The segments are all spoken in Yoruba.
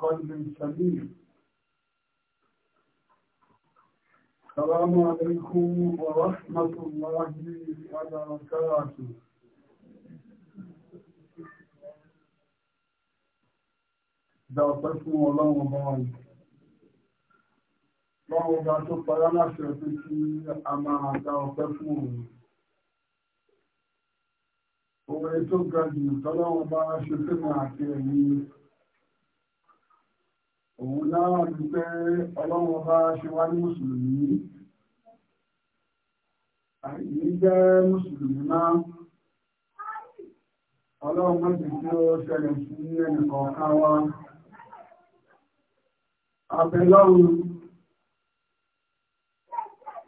قلب سليم السلام عليكم ورحمة الله وبركاته دعوتكم الله مبارك الله مبارك فلانا شرطتي أما دعوتكم ومن يتوقع دي فلانا مبارك شرطنا òun náà ti pé ọlọ́run ọba ṣe wá ní mùsùlùmí àìní jẹ́ mùsùlùmí náà ọlọ́run mọ́sí tí ó ṣẹlẹ̀ sí ẹnìkọ̀ọ̀kan wa abẹ́lọ́run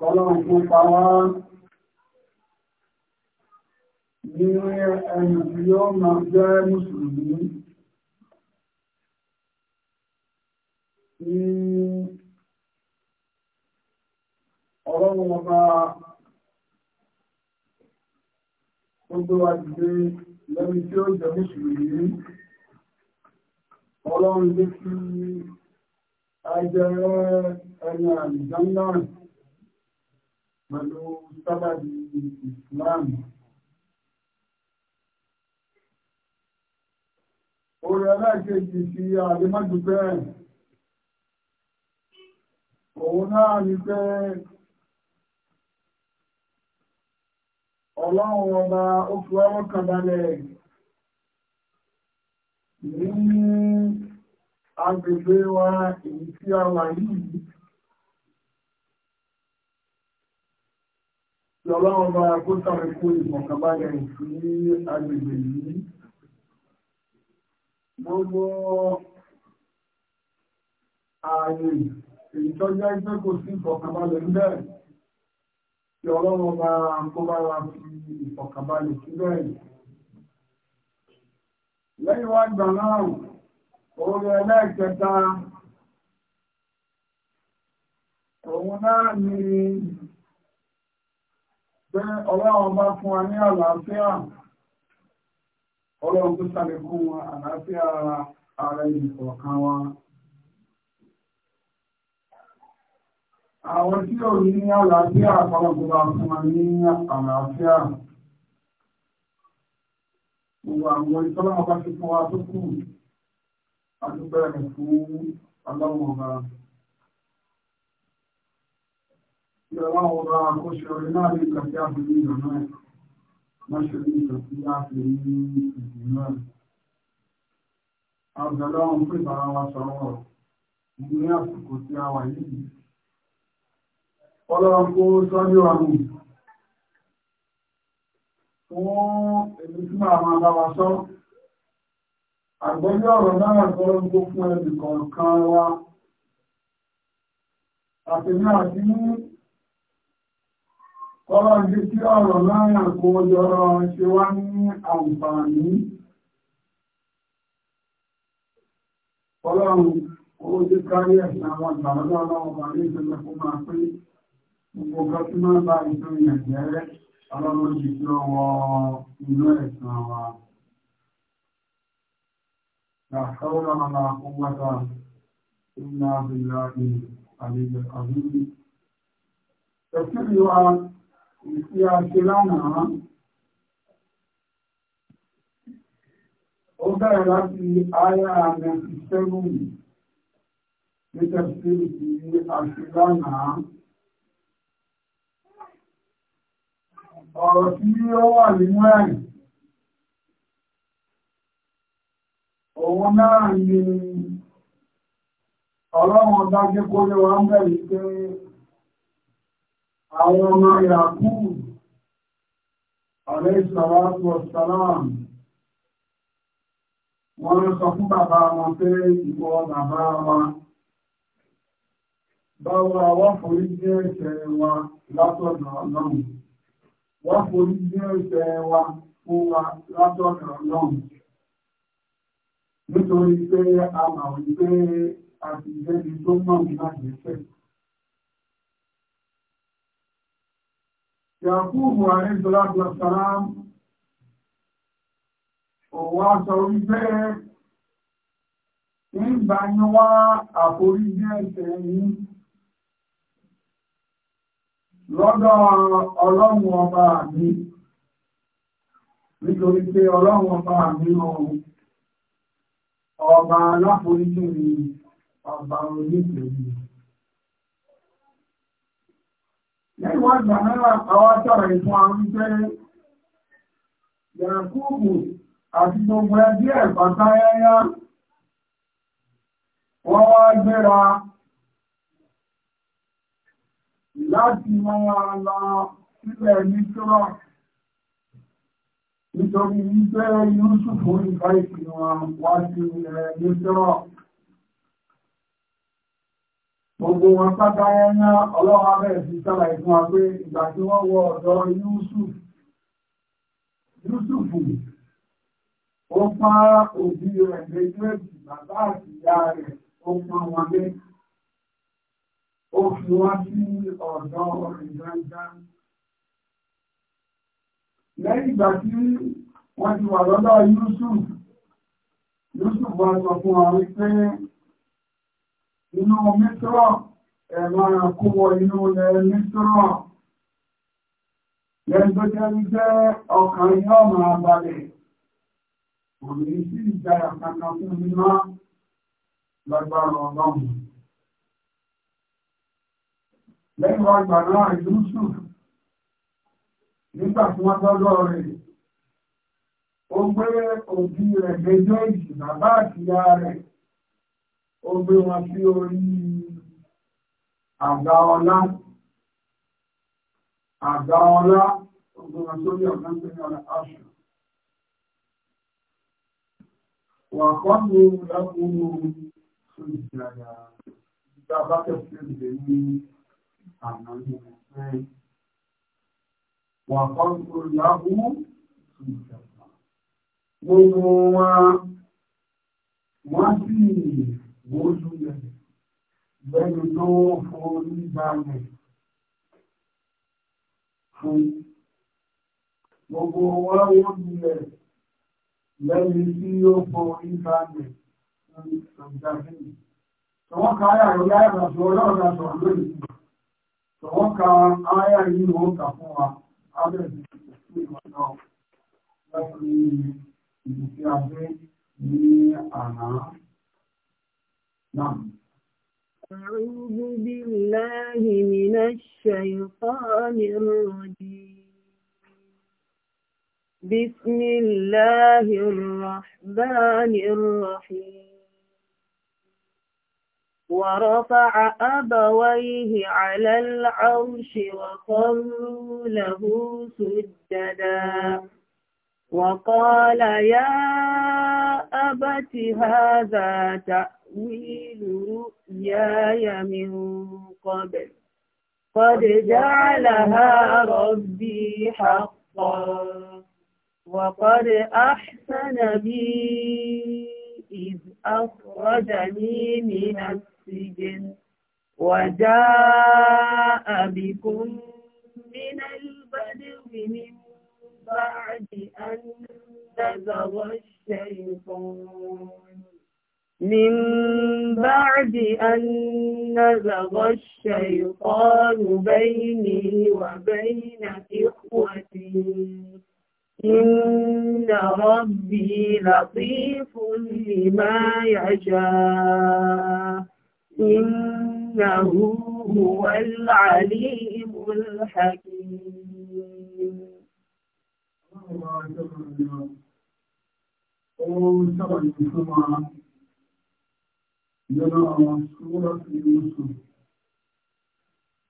ọlọ́run kó pa wá ní ẹni tí máa jẹ́ mùsùlùmí ní ọlọ́run ọba tó gbé wa dìde lẹ́nu tí ó jẹ́ mùsùlùmí ọlọ́run lé sí ajẹ́rẹ́ ẹni àlùjáńdà pẹ̀lú sábàbí ìsìláàmù. Orí aláìkejì ti àdémọ́dúgbẹ́rẹ̀ òun náà ni pé ọlọ́run ọba ó fi ọwọ́ kan balẹ̀ ní agbègbè wa èyí tí a wà yìí tí ọlọ́run ọba kó sàrẹ́kó ìmọ̀kànbalẹ̀ sí agbègbè yìí gbogbo ààyè èyí tó jẹ́ pé kò sí ìfọ̀kànbalẹ̀ ńbẹ̀ tí ọlọ́run bá kó bá wa fi ìfọ̀kànbalẹ̀ síbẹ̀ lẹ́yìn wá gbà náà orí ẹlẹ́ẹ̀kẹta òun náà ni pé ọlọ́run bá fún wa ní àlàáfíà ọlọ́run tó sàlékún àlàáfíà ara ìfọ̀kàn wa. àwọn tí ò ní àlàáfíà àpọ̀lọpọ̀ fún wa ní àlàáfíà gbogbo àwọn ìtọ́lọ́wọ́ bá ṣe fún wa tó kù adúpẹ́ rẹ̀ fún ọlọ́wọ́ ọba ìrọ̀lá ọba àkóṣe orin náà ní ìkàtí àfihàn ìrọ̀ náà mọ́ṣe ní ìkàtí àfihàn ìrọ̀ náà àbẹ̀lọ́wọ́n fún ìbára wa sọ̀rọ̀ ní àsìkò tí a wà yìí Ọlọ́run kó sọ́jú àmì fún èmi tí máa máa bá wa sọ́. Àgbọ́jú ọ̀rọ̀ náà tọ́lọ́run kó fún ẹbì kọ̀ọ̀kan wa. Àtẹ̀mí àti ní ọlọ́run jẹ́ kí ọ̀rọ̀ náà kó jọrọ ṣe wá ní àǹfààní. Ọlọ́run kó jẹ́ kárí ẹ̀sìn àwọn ìgbàlódé ọlọ́run bàrí ìṣẹ̀lẹ̀ fún máa pé gbogbo kan tí máa ń bá ìtàn ìyàjẹ́ ọlọ́run ti fi ọwọ́ inú ẹ̀sán wa. Làkọ́wọ́lá màmá àkọ́gbàtà ìlà ìlà àlejò àbúrú. Ẹ̀sìnrì wa ìsí àṣẹ lánàá. Ó bẹ̀rẹ̀ láti àyà mẹ́fì sẹ́gùn ní tẹ̀síìrì àṣẹ lánàá. ọ̀rọ̀ tí ó wà nínú ẹ̀rìn òun náà ni ọlọ́run dájú kó lé wa ń bẹ̀rẹ̀ pé àwọn ọmọ ìràkú ọ̀rẹ́ ìsọ̀rọ̀ ọ̀sọ̀rọ̀m wọ́n ń sọ fún bàbá wọn pé ìwọ bàbá wa báwo àwọn forí jẹ́ ẹ̀ṣẹ̀ wa látọ̀dọ̀ ọlọ́run wọ́n forí ní ẹ̀ṣẹ̀ wa fún wa látọ̀nà ọlọ́run nítorí pé a mà wípé a ti jẹ́ni tó mọ̀ nígbà jẹ́sẹ̀. Yàkúùbù àríṣọ́lágbà sàrám òwà sọ wípé ń bá yín wá àforí ní ẹ̀ṣẹ̀ yìí lọ́dọ̀ ọlọ́run ọba mi nítorí pé ọlọ́run ọba mi ọ̀run ọba aláforíjì ni ọba onígbèmí lẹ́yìn wọ́n gbà náà àwọn tọ́rọ ìfún àwọn pé yàkúùbù àti gbogbo ẹbí ẹ̀ pàtàyẹ́yá wọ́n wá gbéra láti máa la sílẹ̀ nítorọ̀ nítorí wípé Yúsùfù ìfà ìpìwọ̀n wá sí ilẹ̀ nítorọ̀ gbogbo wọn pátá ẹ̀yà ọlọ́wọ́ bẹ̀rẹ̀ sí sára ìfún wa pé ìgbà tí wọ́n wọ ọ̀dọ̀ Yúsùfù ó pa òbí rẹ̀ méjèèjì bàbá àti ìyá rẹ̀ ó pa wọn méjì ó fi wá sí ọ̀dọ̀ ìgbàgbà. Lẹ́yìn ìgbà tí wọ́n ti wà lọ́dọ̀ Yusuf, Yusuf wá sọ fún wa wípé inú Mísírọ̀ ẹ̀mà kúwọ inú ilẹ̀ Mísírọ̀. Lẹ́yìn tó jẹ́ wípé ọkàn yóò máa balẹ̀. Òní sí ìjà ìyàkàkà fún mi máa lágbára ọlọ́run lẹ́yìn wá gbà náà Yusuf nígbà tí wọ́n tọ́jọ́ rẹ̀ ó gbé òbí rẹ̀ méjèèjì bàbá àtìyá rẹ̀ ó gbé wọn sí orí àga ọlá àga ọlá ó gbé wọn sórí ọ̀gá pé ní wà kọ́ ní ìlú ẹ̀kọ́ ní ní àmọ́ ní ẹgbẹ́ wà kọ́ńtò láhú ìjọba gbogbo wọn wọ́n sì wójú rẹ̀ lẹ́nu tó forí balẹ̀ fún gbogbo wọn wójú rẹ̀ lẹ́ni tí ó forí balẹ̀ fún ìjọba. Wọ́n káyà ìyá ìrọ̀sọ̀ ọlọ́run àtọ̀ lónìí. Wọ́n ka ááyà yìí wọ́n kà fún wa, ábẹ̀rẹ̀ sí ìwọ̀n náà lọ́pọ̀ ìlú tí a gbé ní àná. Náà. أعوذ بالله من الشيطان الرجيم بسم الله الرحمن الرحيم ورفع أبويه على العرش وقروا له سجدا وقال يا أبت هذا تأويل رؤياي من قبل قد جعلها ربي حقا وقد أحسن بي إذ أخرجني من السجن وجاء بكم من البدو من بعد أن نزغ الشيطان من بعد أن نزغ الشيطان بيني وبين إخوتي إن ربي لطيف لما يشاء إنه هو العليم الحكيم يرى سورة يوسف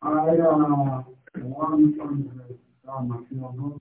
آية 1 from the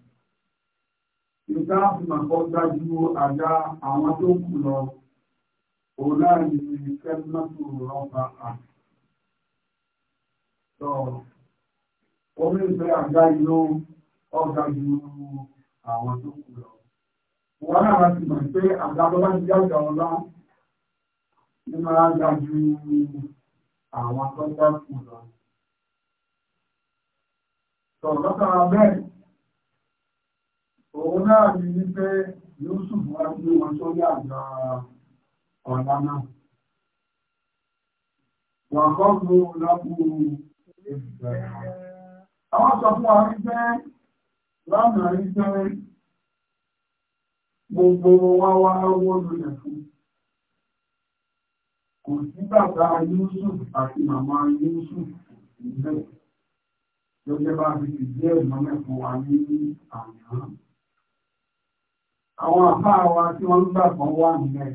ìta àfihànkọ́ dájú àga àwọn tó kù lọ òun láàrin kẹ́límọ́tò rọ́bà á. sọ omi ìfẹ́ àga inú ọ̀gá ju àwọn tó kù lọ. wọ́n náà wá ti mọ̀ pé àga tó bá ti jáde ọ̀la ní máa ga ju àwọn tó bá kù lọ. sọ̀rọ̀ lọ́kàn bẹ́ẹ̀ òun náà ni wípé Yusuf wá gbé wọn sórí àjọ ọ̀la náà wà kọ́ọ̀lù lábúrú ìgbẹ̀rẹ̀ àwọn sọ fún wa wípé lánàá wípé gbogbo wa wá owó lulẹ̀ fún kò sí bàbá Yusuf àti màmá Yusuf ìgbẹ́ ló jẹ́ bá fi fìdí ẹ̀ mọ́lẹ̀ fún wa ní àná àwọn àfá wa tí wọ́n gbàgbọ́ wà nílẹ̀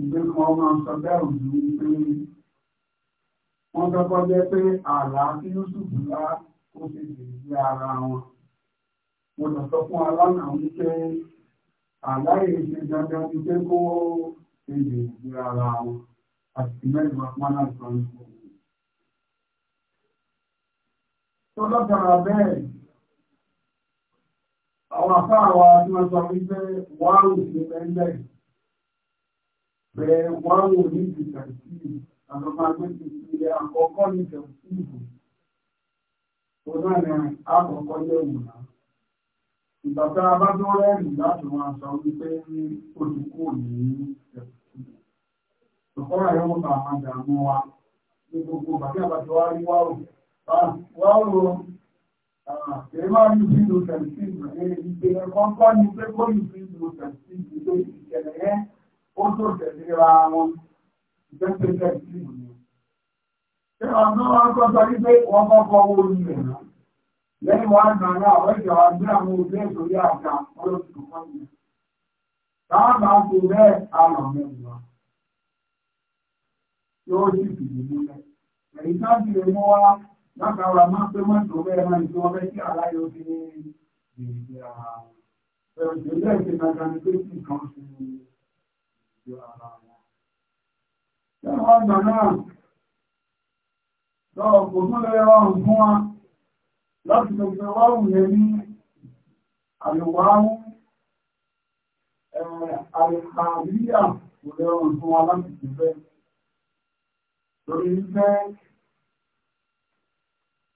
ìgbé kan máa sọ bẹ́ẹ̀ òjú wípé wọ́n tọ́kọ́ jẹ́ pé àlá tí Yúsùfù lá ó ti dìde sí ara wọn mo lọ sọ fún alánà wípé àlá yìí ṣe dandan ní pé kó ṣe dìde sí ara wọn àti mẹ́rin wọn pọ́n láti sọ ní kò. tó lọ́tara bẹ́ẹ̀ àwọn àfáàwà tí wọ́n sọ wípé wáwù sí mẹ́lẹ̀ bẹ̀rẹ̀ wáwù ní ìtàkì àtọ́mọ́gbẹ́sì ilẹ̀ àkọ́kọ́ ní ìtàkì tó náà ní àkọ́kọ́ lẹ́wù náà ìgbàtà bá tó rẹ́rìn láti wọn sọ wípé ní olùkó ní ìtàkì ìkọ́ra yóò bá àwọn àdàmú wa ní gbogbo bàtí àbàtì wá rí wáwù ah, Èèmá yìí fi lo tẹ̀síìlì rẹ̀ ìpele kọ́kọ́ ni pé kó yìí fi lo tẹ̀síìlì lé ìṣẹ̀lẹ̀ yẹn ó tó tẹ̀lé ra wọn ìgbẹ́sẹ̀ tẹ̀síìlì ni. Ṣé ọ̀dọ́ wa kọ́ sọ wípé wọ́n kọ́kọ́ wo ilẹ̀ náà? Lẹ́yìn wa gbà náà, wọ́n jẹ́ wa gbé àwọn òbí ìsòrí àga olóṣù kan látara máa pé má tó bẹ́ẹ̀ máa ìjọ ọbẹ̀ tí aláyọ ti ní ìrìnlẹ̀ ara wọn. Ẹ̀rọ ìjọba ìṣe kankan ni pé kí nǹkan ṣe ìjọ ara wọn. Lẹ́nu ọgbà náà, lọ kò tún lè rọrùn fún wa láti lè fi rọrùn yẹn ní àlùwáwú àríyá kò lè rọrùn fún wa láti fi fẹ́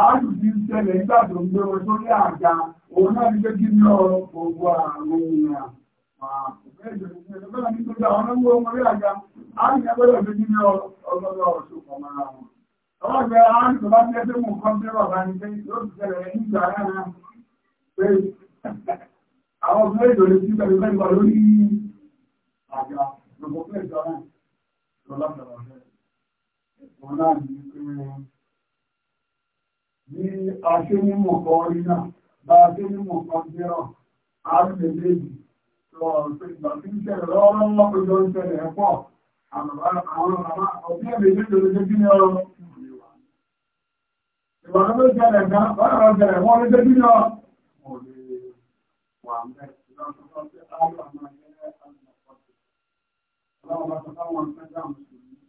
ààrùn ti ń ṣẹlẹ̀ nígbà tó ń gbé wọn sórí àga òun náà ní pé kí ní ọ̀rọ̀ gbogbo àrùn ìyàn Àwọn ìgbẹ́ àárín tó bá ń lẹ́sẹ̀ mú kan bí ọ̀rọ̀ bá ní pé yóò ti ṣẹlẹ̀ nígbà náà pé àwọn ọmọ èdò lè sí pẹ̀lú mẹ́gbà lórí àjá lọ́pọ̀ pẹ̀lú ọ̀rọ̀ lọ́lọ́pẹ̀lú ọ̀rẹ́. Wọ́n náà ní pé ní aṣẹ́mímọ̀ kan rí náà bá aṣẹ́mímọ̀ kan jẹ́rọ̀ arúgbẹ̀lẹ́bì lọ sí ìgbà tí ń ṣẹlẹ̀ lọ́wọ́lọ́wọ́ pé ló ń ṣẹlẹ̀ ẹ̀pọ̀ àwọn ọ̀rọ̀ ọ̀bí ẹ̀mí lẹ́jọ́ lẹ́jọ́ bí ní ọrọ̀ ìwà tó ṣẹlẹ̀ gan wọ́n rọ̀ ṣẹlẹ̀ wọ́n lẹ́jọ́ bí ní ọrọ̀ اللهم تقوم الفتح مسلمين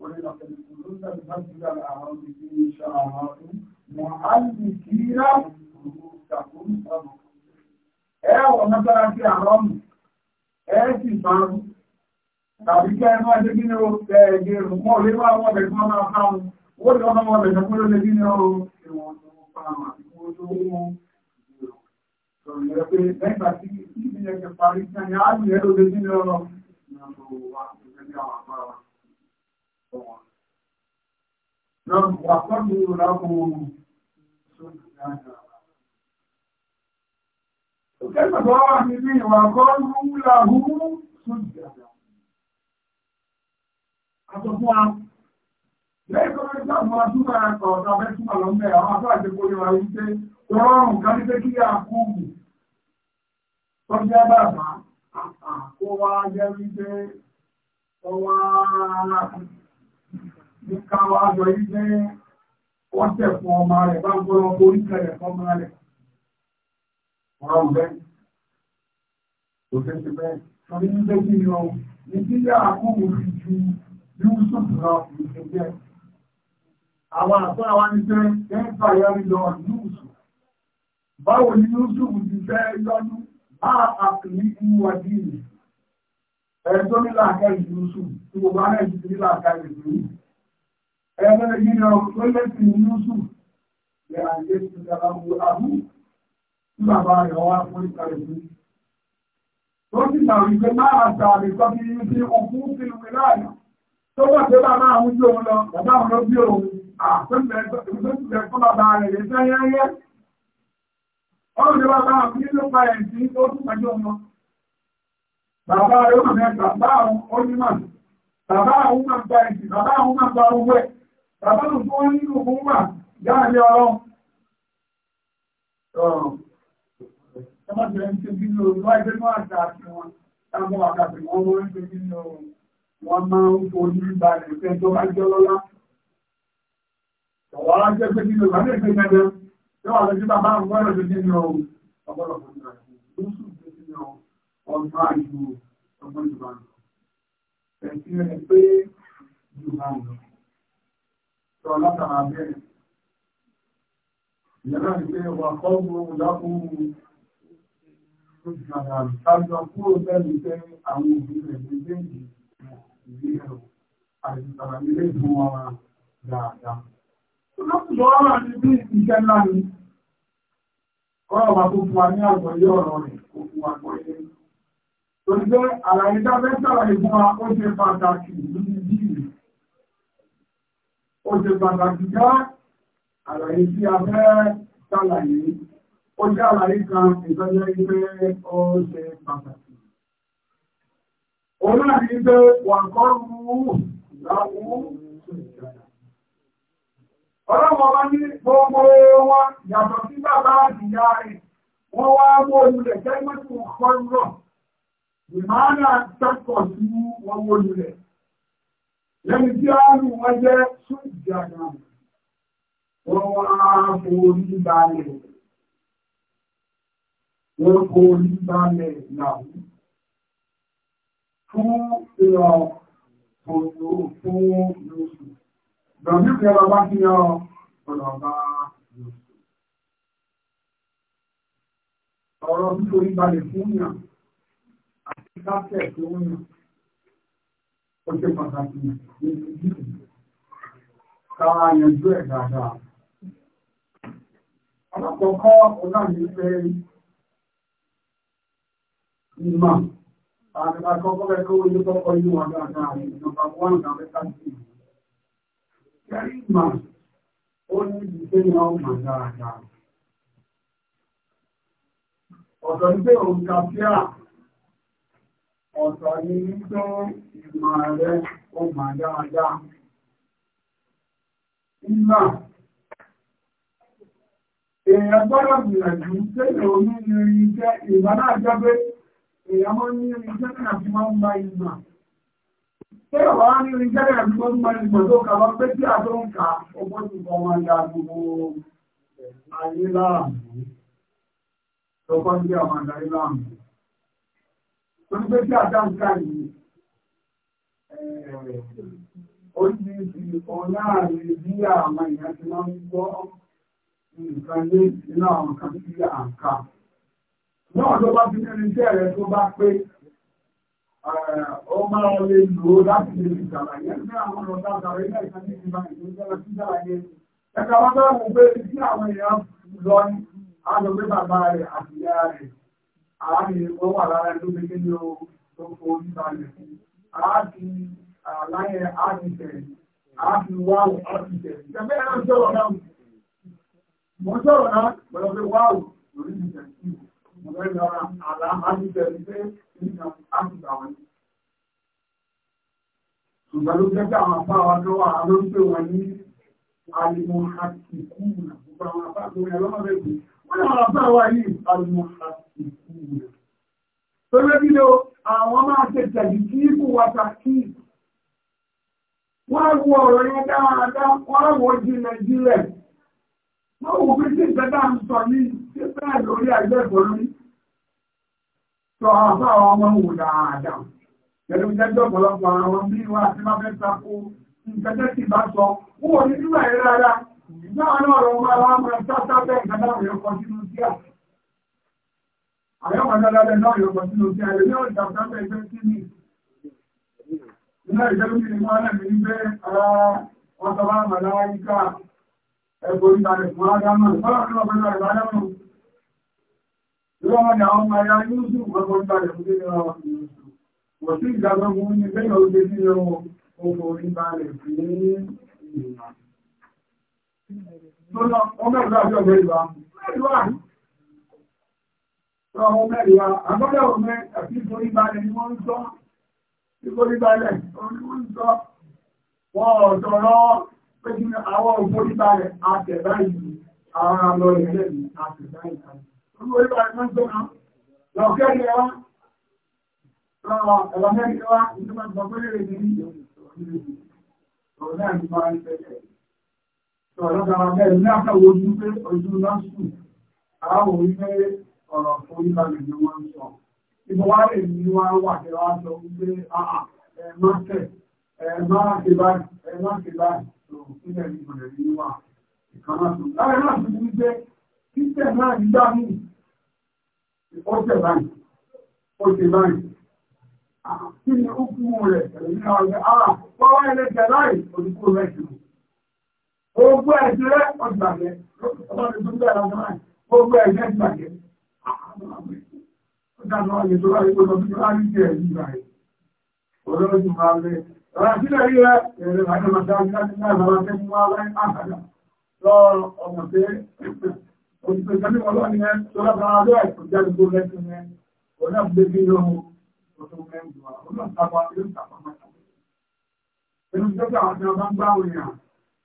ولنقل القلوب بالمسجد الأعراض في شرعات mọ̀hálìkìrá ìṣàkóso ẹ wọ mọ́sára sí àrọ́mù ẹ sì fárú tàbí kí ẹnu ọjọ́ kí ní o ẹ̀ẹ́gẹ̀ rùpọ̀ lé wà wọ́n bẹ̀ fún ọmọ fáwọn ó lè ọmọ wọn bẹ̀ o ìwọ̀n tó fáwọn àti kó tó mú ìrọ̀ ìrọ̀ pé lẹ́gbà tí ìbílẹ̀ kẹ parí sí àyà á lè Ìkẹ́sọ̀tọ̀ wà ní bí ìwà gọ́ọ̀rù láhú sún ìjàdà. Àtọ̀fún wa, lẹ́ẹ̀kọ́ mẹ́ta mọ́ túnmọ̀ ẹ̀kọ̀ ọ̀tà mẹ́túnmọ̀ lọ́mẹ́ àwọn àtọ́ àjẹ́kọ́ yọ àwọn ìṣẹ́ rọrùn ká ní pé kí jẹ́ wípé ọwá ní káwàá jọ yí wọ́n tẹ̀ fún ọmọ rẹ̀ bá ń gbọ́nà orí kẹrẹ̀ fọ́mọ rẹ̀. Wọ́n ń bẹ́. Kò fẹ́ ti bẹ́. Sọ̀rọ̀ ní bẹ́ kí ni o, ní dídá àkókò fi ju Yusuf lọ ìṣe jẹ́. Àwọn àtọ́ àwa ní pé Dẹ́fà yọrí lọ Yusuf. Báwo ni Yusuf ti fẹ́ lọ́dún? Bá àkìlí ń wà dìrì. Ẹ̀ẹ́dọ́ nílà àkàrí Yusuf, tí mo bá rẹ̀ ti nílà àkàrí Yusuf ẹgbẹ́ gíga lọ́lẹ́sì Yusuf lè àjẹ́ ìjọba àbú tí bàbá rẹ̀ wá fún ìkàrẹ̀ sí. Tó sì tàbí pé máa àṣà àbìkọ́ bí i ti òkun sí ìwé láàyè. Tó wọ́n tẹ́ bá máa ń jó lọ, bàbá òun ló bí òun àpẹ́lẹ̀ tó bàbá rẹ̀ lè fẹ́ yẹ́yẹ́. Ọ̀rùn ni bàbá mi ló pa ẹ̀ sí ó tún pẹ̀jọ́ wọn. Bàbá rẹ̀ ó mẹ́ta, bàbá òun ó ní màá. Bàbá òun máa gba ẹ̀sìn, bàbá òun máa gba owó ẹ̀ bàbá mi fún wọn nínú fún wà dáadé ọlọ́run ọmọdé ń ṣe bí ló lọ ẹgbẹ́ náà àti àti wọn tábọ̀ àkàtì wọn wọ́n ń ṣe bí ló wọn máa ń fojú balẹ̀ fẹ́ tó bá jẹ́ lọ́lá ọ̀wọ́ á jẹ́ nínú ìgbàlẹ̀ ìgbẹ́ gẹ́gẹ́ tí wọ́n lọ sí bàbá àwọn ọmọ tó sùn sí nínú ọ̀nà àjù ọmọ ìgbà ẹ̀sìn rẹ̀ pé jù bá ń lọ sọ látara bẹ́ẹ̀. Ìyẹn náà ni pé wà kọ́ gbogbo lákùnrin Ìjọba kúrò bẹ́ẹ̀ni pé àwọn òbí rẹ̀ méjèèjì ìwé ẹ̀rọ àti ìtàlàmílẹ̀ ìfún ọmọ dáadáa. Olóòtú ọ̀rọ̀ ni bí iṣẹ́ ńlá ni, ọ̀rọ̀ wà tó fún wa ní àgbọ̀yé ọ̀rọ̀ rẹ̀ kó fún wa gbọ́yé. Torí pé àlàyé dábẹ́ sàlàyé fún wa ó ṣe pàtàkì nínú ó ṣe pàtàkì já àlàyé tí a fẹ́ ṣàlàyé ó jẹ́ àlàyé kan ìtọ́jẹ́ ilé ó ṣe pàtàkì òun náà ní pé wà kọ́ rú láwú ọlọ́wọ́ bá ní gbogbo wọn wọ́n wá wó olùlẹ̀ jẹ́ mẹ́tò kọ́ rọ̀ ìmáàlà tẹ́kọ̀ọ́ sí wọn wó olùlẹ̀ lẹ́ni tí a ń wọ́n jẹ́ ṣùgbọ́n wọ́n wá forí balẹ̀ wọ́n forí balẹ̀ náà fún ìrọ̀ òṣò fún lóṣù gbọ̀njú kí ọba kí ọ ọ̀lọ́ba lóṣù ọ̀rọ̀ nítorí balẹ̀ fún yàn àti káfẹ́ tó yàn ó ṣe pàtàkì nínú káà yanjú ẹ̀ dáadáa. Alákọ̀ọ́kọ́ ọ̀nà ní pé ìmọ̀ àgbàkọ́kọ́ ẹ̀kọ́ ojú kọ́kọ́ yìí wà dáadáa ìjọba wọ́n ìgbàmẹ́ sáàtì. Kẹ́rì ìmọ̀ ó ní ìdíkẹ́ ní ọmọ dáadáa. Ọ̀dọ̀ ní pé òǹkà fíà ọ̀tọ̀ ni nígbó ìmọ̀ rẹ̀ ó mà dáadáa. Nígbà èèyàn gbọ́dọ̀ gbìyànjú tẹ́lẹ̀ onírin iṣẹ́ ìgbà náà jẹ́ pé èèyàn máa ń ní irinṣẹ́ náà fi máa ń gba ìmọ̀. Tẹ́lẹ̀ wá ní irinṣẹ́ náà fi máa ń gba ìmọ̀ tó kà wọ́n pé tí a tó ń kà ó bó ti kọ́ wọn gbogbo ayé láàmú. Lọ́kọ́ ń ọmọ àdáyé láàmú. Torí pé bí àdáǹkà yìí, oríṣiríṣi ọ̀la rẹ̀ bí àwọn èèyàn ti máa ń gbọ́ nǹkan ní inú àwọn kan sí àǹkà. Náà bá fi nínú iṣẹ́ láti lè fi ṣàlàyé àwọn ọ̀dà àtàrà ilé ní ìgbà arábìnrin kan wà lára ẹni tó fi kéde o tó fo oníbalẹ̀ arábì aláyẹ ábìtẹ̀ arábì wáwù ábìtẹ̀ ìjọba ẹ̀rọ sọ̀rọ̀ náà mo sọ̀rọ̀ náà pẹ̀lú pé wáwù lórí ìjẹ̀ sí mo fẹ́ lọ ra àlá ábìtẹ̀ pé nígbà ábìtẹ̀ wọn. ṣùgbọ́n ló jẹ́ pé àwọn afá wa tó wà ló ń pè wọ́n ní alimọ̀ àtìkú nà gbogbo àwọn afá tó yẹ lọ́mọdé gbèsè wọ́n àwọn àbá wa yìí àlùmọ̀ àti ìkúrò. Tọ́lẹ́ bí lo àwọn máa ṣe tẹ̀lé kí ikú wa ta kí. Wọ́n á wo ọ̀rọ̀ yẹn dáadáa, wọ́n á wo jinlẹ̀ jinlẹ̀. Wọ́n wò pé tí ìgbẹ́ bá ń sọ ní ṣé bẹ́ẹ̀ lórí àgbẹ̀bọ̀ lórí. Sọ àbá àwọn ọmọ wò dáadáa. Pẹ̀lú jẹ́jọ́ ọ̀pọ̀lọpọ̀ àwọn bí wa ti máa fẹ́ sako, nǹkan tẹ́sí bá sọ, Láàárín ọ̀rọ̀ ọmọ aláàmọ̀ tátá bẹ́ẹ̀ kan náà yóò kọ sínú sí à. Àyọ́mọ̀ dáadáa náà yóò kọ sínú sí à. Èmi ò dàgbà bẹ́ẹ̀ bẹ́ẹ̀ sí mi. Iná ìjẹ́lú mi ni wọ́n rẹ̀ mí bẹ́ ara wọn sọ bá mọ̀ láwá yíká ẹgbẹ́ orílẹ̀-èdè fún Ádámọ̀. Bọ́lá ní ọ̀gbẹ́ náà rẹ̀ Ádámọ̀. Ìwọ́ wọn Ọmọ mẹ́rin àgbọ́dọ̀ ọmọ àti ìtorí balẹ̀ ni wọ́n ń sọ, ìtorí balẹ̀ wọ́n ń sọ, wọ́n ọ̀tọ̀rọ̀ pé kí àwọn òforí balẹ̀ àtẹ̀bá ìlú àwọn àlọ́ ìrẹ́lẹ̀ ní àtẹ̀bá ìtàlẹ̀. Olúorí balẹ̀ máa ń sọ náà, lọ́kẹ́rì ẹwà, ẹ̀lọ́mẹ́rin ẹwà, ìjọba ìgbàgbọ́lẹ̀ rẹ̀ ní ìjọba ìgbàgbọ́lẹ̀ rẹ̀ Ọ̀rọ̀dára mẹ́rin ní àkàwò ojú pé ojú lásù, àwọn orílẹ̀ ọ̀rọ̀ fún ìkàlẹ̀ ni wọ́n ń sọ. Ìbọ̀wá lè ní wá wà ní wá sọ wípé àà ẹ̀mọ́tẹ̀, ẹ̀mọ́tẹ̀, ẹ̀mọ́tẹ̀ ìpínlẹ̀ ìgbọ̀nà ní wà ìkànnà tó. Láàrín láti ní wípé títẹ̀ náà ń dá ní ọjọ́ báyìí, ọjọ́ báyìí. Kí ni ó kú rẹ̀ pẹ̀lú àwọn ọjọ́ àwọn wọ́wọ́ ẹlẹ́jẹ̀ láì orí kó rẹ̀ jùlọ. Gbogbo ẹ̀jẹ̀ rẹ̀ ọ̀gbàgbẹ́. Gbogbo ẹ̀jẹ̀ gbàgbẹ́. Ọ̀dàlọ́ ọ̀yẹ̀ tó ráyé tó lọ sí ráyé jẹ́ ìgbà rẹ̀. Ọ̀dọ́rọ̀ jù máa rẹ̀. Ọ̀rọ̀ sílẹ̀ rí rẹ̀, ẹ̀rẹ̀ àjọ́mọ̀ta láti máa bàbá tẹ́ mú wá wáyé àkàdà. Lọ ọmọ pé, òṣìṣẹ́ ìjọba ọlọ́ni ẹ̀ tó lábàá rẹ̀ ẹ̀kọ́ jáde tó lẹ́sìn ẹ̀. Ọ̀dà gbé bí lọ́wọ́, ọ̀tọ̀ mẹ́rin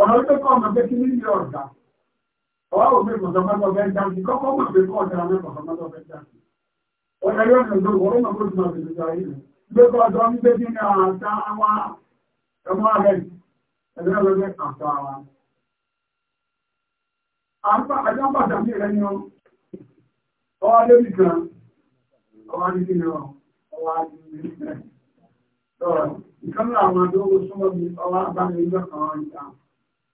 ọ̀nà tó kọ́ ọmọ pé kí níbi ọ̀dà ọwá òfin ìkọ̀sọ̀mọ́tọ̀ bẹ́ẹ̀ jáde kọ́kọ́ mọ̀ pé kọ́ ọ̀dà àwọn ìkọ̀sọ̀mọ́tọ̀ bẹ́ẹ̀ jáde ọ̀dà yóò nà ló wọ́n mọ̀ bójú máa bèèrè ayé rẹ̀ gbé kọ́ ọ̀dọ́ ń gbé ní àṣà àwọn ọmọ rẹ̀ ẹ̀dọ́ lọ́gbẹ́ àṣà wa. àjọ pàtàkì rẹ̀ ni ọwá lórí kan ọwá ní kíni ọ ọwá ní ìkànnì àwọn àdó owó súnmọ́ bí ọwá bá mi lọ́kàn ìta.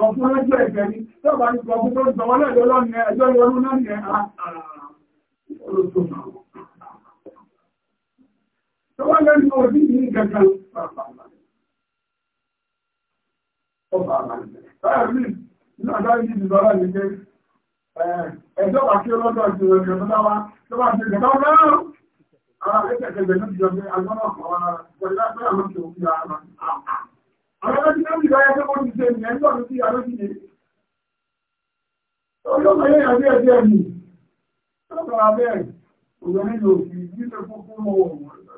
Ọ̀fún lójú ẹ̀jẹ̀ ni, tó bá ní ọkùn tó ń sọwọ́ lẹ́jọ́ lọ́nà ẹjọ́ ìwọ̀n náà ni ẹ̀hà. Tó wá lẹ́nu òbí ní gẹ̀gẹ̀ ọba àmàlẹ̀. Báyọ̀ rí, ní àjá ìdí ìdọ́lá ní pé ẹjọ́ bá kí ọlọ́dọ̀ ti rẹ̀ jẹ́ tó wá tó bá ti gẹ̀gẹ̀ ọ̀gá ara ẹ̀kẹ̀kẹ̀gẹ̀ ní ìjọba agbọ́nà ọ̀pọ̀ ara pẹ̀lú ẹgbẹ́ àwọn ṣe ìyẹ̀ńtọ́ ní sí alójìdé ọjọ́ mẹ́lẹ́ àbí ẹ̀bí ẹ̀mí ọjọ́ abẹ́rẹ̀ òun nílò òfin nílò kókó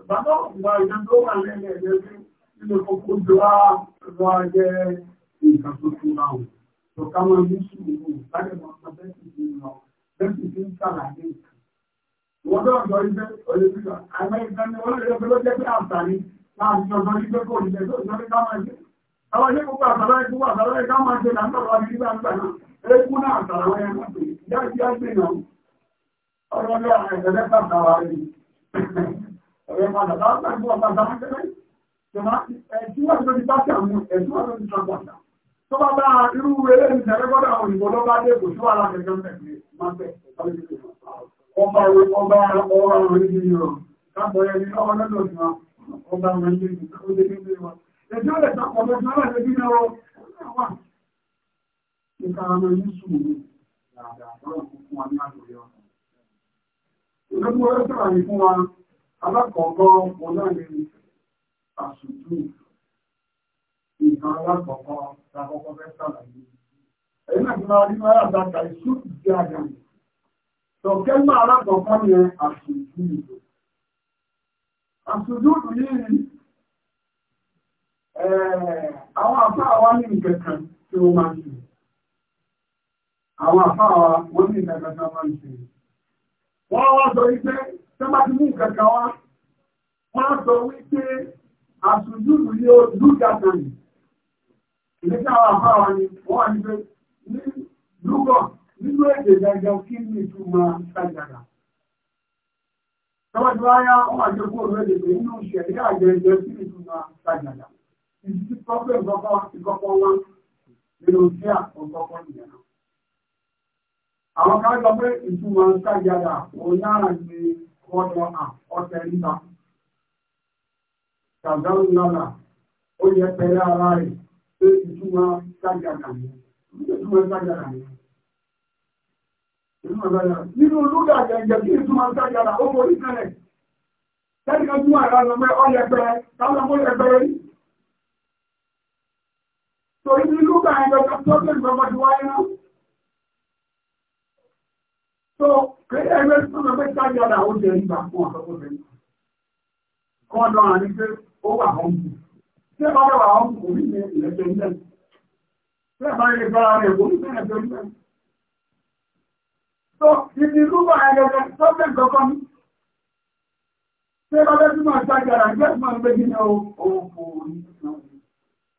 bàbá ọ̀gbà ìjọ tó wà lẹ́lẹ̀ ẹ̀lẹ́bí nílò kókó jọra lọ jẹ́ nǹkan tó tún náà tó ká mọ́ ní sùúrù láti mọ́ sọ bẹ́ẹ̀ sì lọ bẹ́ẹ̀ sì ń sàlàyé nǹkan wọ́n tó ọ̀dọ́ ibẹ̀ ọ̀lẹ́bí àmẹ́ ìtẹ́ni wọ́n lè lọ́jọ́ pé àǹfààní láti ọ̀dọ́ ibẹ̀ kò ní ẹ̀dọ́ ìjọba àwọn ilé púpọ̀ àtàrà ikú àtàrà ikú máa jẹ́ látọ̀rọ̀ àbílíbà ń gbàná ẹkú náà àtàrà wọn ẹmọ́ pé jáde ágbé náà ọ̀rọ̀ ní àwọn ẹ̀sẹ̀lẹ́ pàtàwà rẹ̀ ọ̀rẹ́ padà bá pẹ̀lú ọ̀pá dáńtẹ́lẹ́ ẹ̀tí wà tó ti bá tàwọn ẹ̀tí wà tó ti sàgbàtà tó bá bá irú eré ìṣẹ̀lẹ̀ gbọ́dọ̀ àwọn òyìnbó ló bá dé kò sí wàhálà kẹjọ mẹ́fẹ́ máa bẹ̀ ọba ọba ọba ọ̀rọ̀ ìdílé rọ̀ káàbọ̀ ẹni ọba lọ́dọ̀ ọ̀dùnmá ọba ọ̀rọ̀ ìdílé rọ̀ ó dé nílé wa ẹjọ́ lẹ̀ tapọ̀ lọ́jọ́ láti bí lọ wà ní káàmọ́ ní sùúrù Ìjọba ọ̀rẹ́ sọ̀rọ̀ ní fún wa, alákọ̀ọ́kọ́ wọn náà ní àṣùtù. Ìkan alákọ̀ọ́kọ́ lákọ́kọ́ fẹ́ sàlàyé. Ẹ̀yìn àti máa rí máa àdáta ìṣú ìdí àgbàmì. Tọ̀kẹ́ máa alákọ̀ọ́kọ́ yẹn àṣùtù. Àṣùtù yìí Eh, àwọn àfáà wa ní ìkẹ̀kàn tí ó máa ń ṣe àwọn àfáà wa wọ́n ní ìkẹ̀kàn tí ó máa ń ṣe wọ́n wá sọ wípé tí wọ́n ti mú ìkẹ̀kàn wá wọ́n sọ wípé àṣùjúlù yóò dúkà sọ̀rọ̀ ìdí tí àwọn àfáà wa ni wọ́n wà ní pé ní lúgọ̀ nínú èdè dandan kí ní ìtumọ̀ sájàdà tọ́wọ́ tí wọ́n á yá wọ́n àjẹkù òun èdè pé nínú ìṣẹ̀lẹ̀ àjẹjẹ kí ní ìtumọ̀ sájàdà ìdí problem kọ́kọ́ ìkọ́kọ́ wọn nínú sí àkọ́kọ́ nìyẹn náà. Àwọn kan sọ pé ìtumọ̀ sáyàdà òun náà ni ọ̀dọ̀ à ọ̀tẹ̀ níta. Ṣàdáwù lára ó yẹ pẹ̀lú ara rẹ̀ pé ìtumọ̀ sáyàdà nìyẹn. Ìtumọ̀ sáyàdà nìyẹn. Ìtumọ̀ sáyàdà nínú lúgà jẹjẹ kí ìtumọ̀ sáyàdà ó borí sẹ́lẹ̀. Sẹ́ni kan tún àrà lọ ọ̀yẹ̀pẹ̀rẹ̀ táwọn ọmọ yẹpẹ̀rẹ̀ yìí. So if you look at the consultant government, do I know? So ẹgbẹ́ tó lọ pé káàdì ọ̀dà ó jẹ nígbà fún ọ̀sọ́kọ̀ọ́sẹ́. Kọ́ lọ àní pé So if you look at the consultant kankan ṣé bá bẹ́ẹ̀ tí máa ṣàjàrà jẹ́ máa ń gbé nínú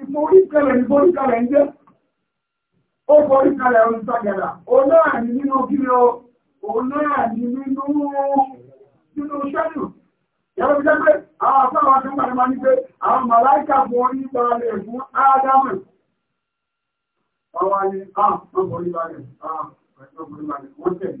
ìforíkẹlẹ̀ ìforíkẹlẹ̀ ń jẹ́ ó foríkẹlẹ̀ òǹtagẹ̀dà onáà ní nínú kíni o onáà ní nínú nínú ṣẹ́dù yẹ́rọ bí jẹ́pẹ́ àwọn afẹ́wà tó ń bàrẹ̀ máa ní pé àwọn màláìkà fún orí balẹ̀ fún ádámù àwọn ni àmọ́bọ̀rí ah, balẹ̀ àmọ́bọ̀rí ah, balẹ̀ wọ́n tẹ̀lé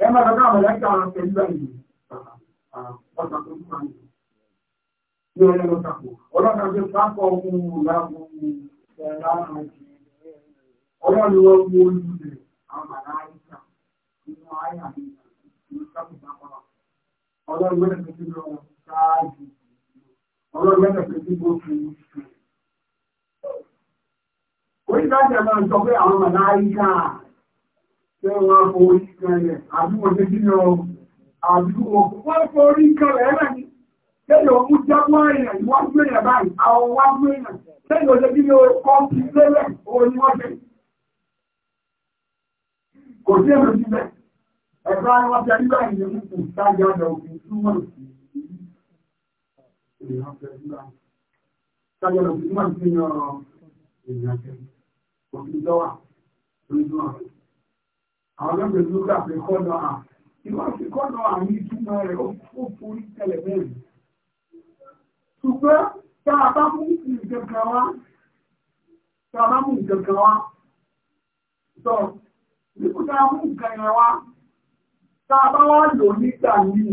ẹ máa bàbá àwọn ẹ̀ka àwọn pẹ̀lú ẹ̀yìn ọ̀sà tó ń pààyàn ní ọ̀rẹ́ lọ́sàkó ọlọ́ta tó sákọ̀ ohun làwọn ẹ̀rọ àwọn ọlọ́run wọn wo olùdè àwọn bàbá àyíká nínú àyà mi ní sákòtà kọ́ra ọlọ́run wọn ẹ̀ka tó lọ sáájú ọlọ́run wọn ẹ̀ka tó lọ fún oríṣiríṣi pé àwọn bàbá tẹ́ wọ́n forí kalẹ̀ àbúkò tẹ́ kí ni ọ̀rọ̀ àbúkò wọ́n forí kalẹ̀ ẹ̀rẹ́ ni tẹ́lẹ̀ ọmú jágbọ́n èèyàn ìwájú èèyàn báyìí àwọn wájú èèyàn tẹ́lẹ̀ ọjọ́ kí ni ọkọ̀ ti lẹ́lẹ̀ òní wọ́n tẹ́ kò sí èrò síbẹ̀ ẹ̀fọ́ àwọn ọ̀tẹ́ nígbà ìyẹn mú kù sáájú ọ̀dọ̀ òfin túmọ̀ sí èèyàn fẹ́ nígbà sáájú ọ̀dọ̀ òfin àwọn lọ́gbẹ̀ẹ́ ló gbà pé kọ́nà à ìwọ́n fi kọ́nà àwọn ìtumọ̀ rẹ̀ ó forí tẹ̀lẹ̀ mẹ́rin ṣùgbọ́n tá a bá mú nǹkan kan wá tá a bá mú nǹkan kan wá sọ nípa tá a mú nǹkan yẹn wá tá a bá wá lò nígbà yìí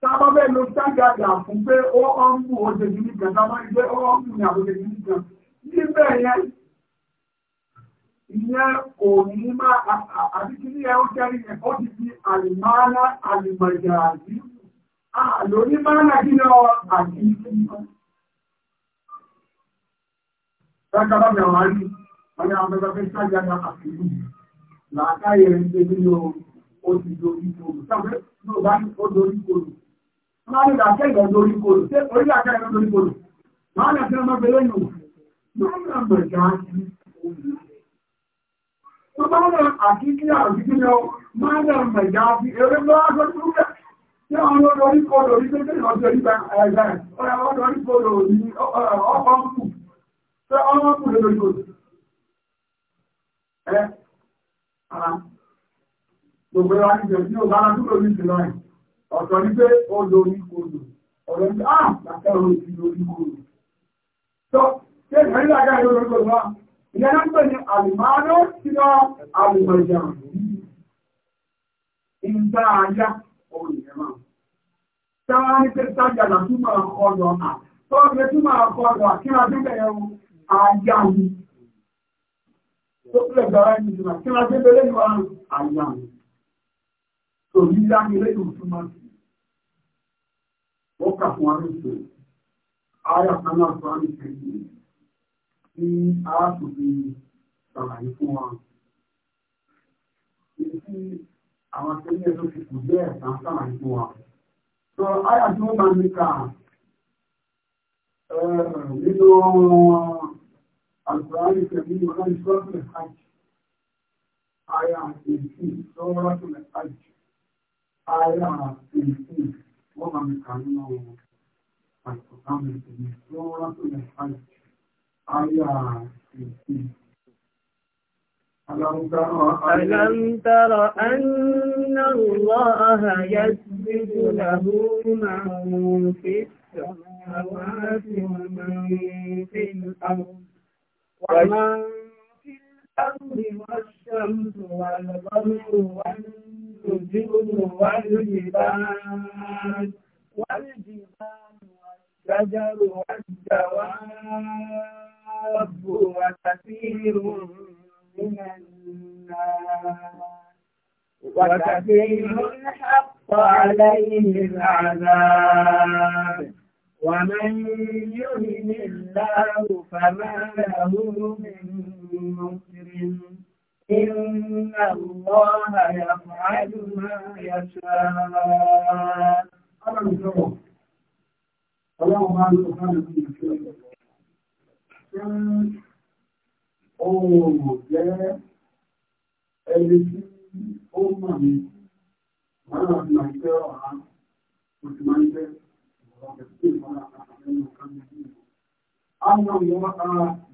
tá a bá bẹ́ẹ̀ lo ságàdà fún pé ó ọ́n mú oṣèlú nìkan tá a bá rí pé ó ọ́n mú ní àbójẹ́jú nìkan níbẹ̀ yẹn ìyẹn kò ní máa àbíkí ní ẹ̀ ó jẹ́rí ẹ̀ ó ti fi àlìmáàlá àlìmọ̀jà àbí àlórí máàlá kí lọ àti ìfúnná. Ẹgbẹ́ bá bẹ̀rẹ̀ wá rí, wọ́n ní àwọn ọmọ ẹgbẹ́ sájáda àti ìlú. Làákàyè ń gbé nínú oṣù lórí kòrò. Sábẹ́ ló bá ní ó lórí kòrò. Máa ní làákàyè lọ lórí kòrò. Ṣé orí làákàyè lọ lórí kòrò? Máa ní àti ọmọ ẹgbẹ́ lẹ́yìn Tọ́bárẹ̀ àkíkíyà àríkílẹ̀ máàrẹ̀ mẹ̀já fi eré lọ́wọ́ lóríkẹ́ tí àwọn olórí kọlò rí pẹ́kẹ́ ìrọ̀jọ́ ìgbà ẹ̀gbà ọ̀rẹ́ olórí kọlò ní ọkọ̀ọ̀kù tẹ́ ọmọkù lórí kọlò. Ẹ ara gbogbo ẹwà ní ìjẹ̀ tí ó bára ìyẹn ń pè ní àlùmọ́ọ́nù tí lọ àlùmọ̀jà ìgbà ayá olùyẹ̀mọ̀ tẹ́wọ́n ní pé sájà làtúmọ̀ ọ̀dọ̀ à tó ń gbé túmọ̀ ọ̀dọ̀ à kí wọ́n ti bẹ̀rẹ̀ o ayá mi tó pẹ̀lẹ̀ gbọ́ra ní ìjọba kí wọ́n ti bẹ̀rẹ̀ ní wọn ayá mi tó ní yá mi lẹ́yìn òtúmọ̀ sí ó kà fún wa ní ìṣòro ayá kan náà fún wa ní ìṣòro tí a kò fi ṣàlàyé fún wa. Èyí tí àwọn akẹ́lẹ́ tó fi kù díẹ̀ ta ṣàlàyé fún wa. Sọ àyà tí wọ́n máa ń níka nínú àlùkòránì tẹ̀lé ìwọ̀n ìṣọ́ọ̀tún hajj. Àyà èyí sọ́ọ́rọ́tún hajj. Àyà èyí wọ́n máa ń níka nínú àlùkòránì tẹ̀lé ìwọ̀n ìṣọ́ọ̀tún hajj. آية ألم تر أن الله يسجد له من في السماوات ومن في الأرض ومن في الأرض والشمس والقمر والنجوم والجبال والجبال والشجر والدواب الضاب وكثير من الناس وكثير حق عليه العذاب ومن يهن الله فما له من مكرم إن الله يفعل ما يشاء. الله سبحانه وتعالى tí ohun òmò jẹ́ ẹni tí ó mọ̀ ní wọ́n láti máa jẹ́ ọ̀há mo ti máa jẹ́ ọ̀rọ̀ tí a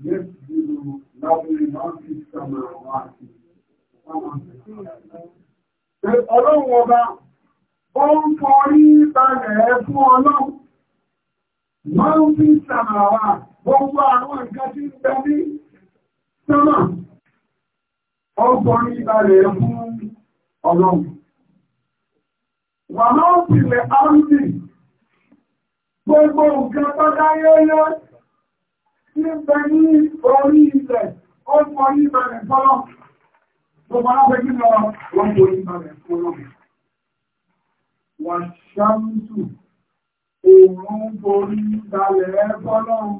yẹ sí ìlú lábẹ́rẹ́ máa fi sọ̀rọ̀ àwọn àti Ọlọ́run ọba, ó ń fọrí balẹ̀ fún ọlọ́run máa ń fi sàmàwà gbogbo àwọn nǹkan tí ń bẹ ní sọ́mà ọgbọ̀n ìbàlẹ̀ fún ọlọ́run wà máa ń pìlẹ̀ áńdì gbogbo nǹkan pátá yẹ́yẹ́ tí ń bẹ ní orí ilẹ̀ ọgbọ̀n ìbàlẹ̀ fọ́lọ́ Gbogbo alábẹ́ kí lọ wọ́n kò ìbàlẹ̀ fọ́lọ́. ṣáàmùsù òun ń borí balẹ̀ fọ́lọ́run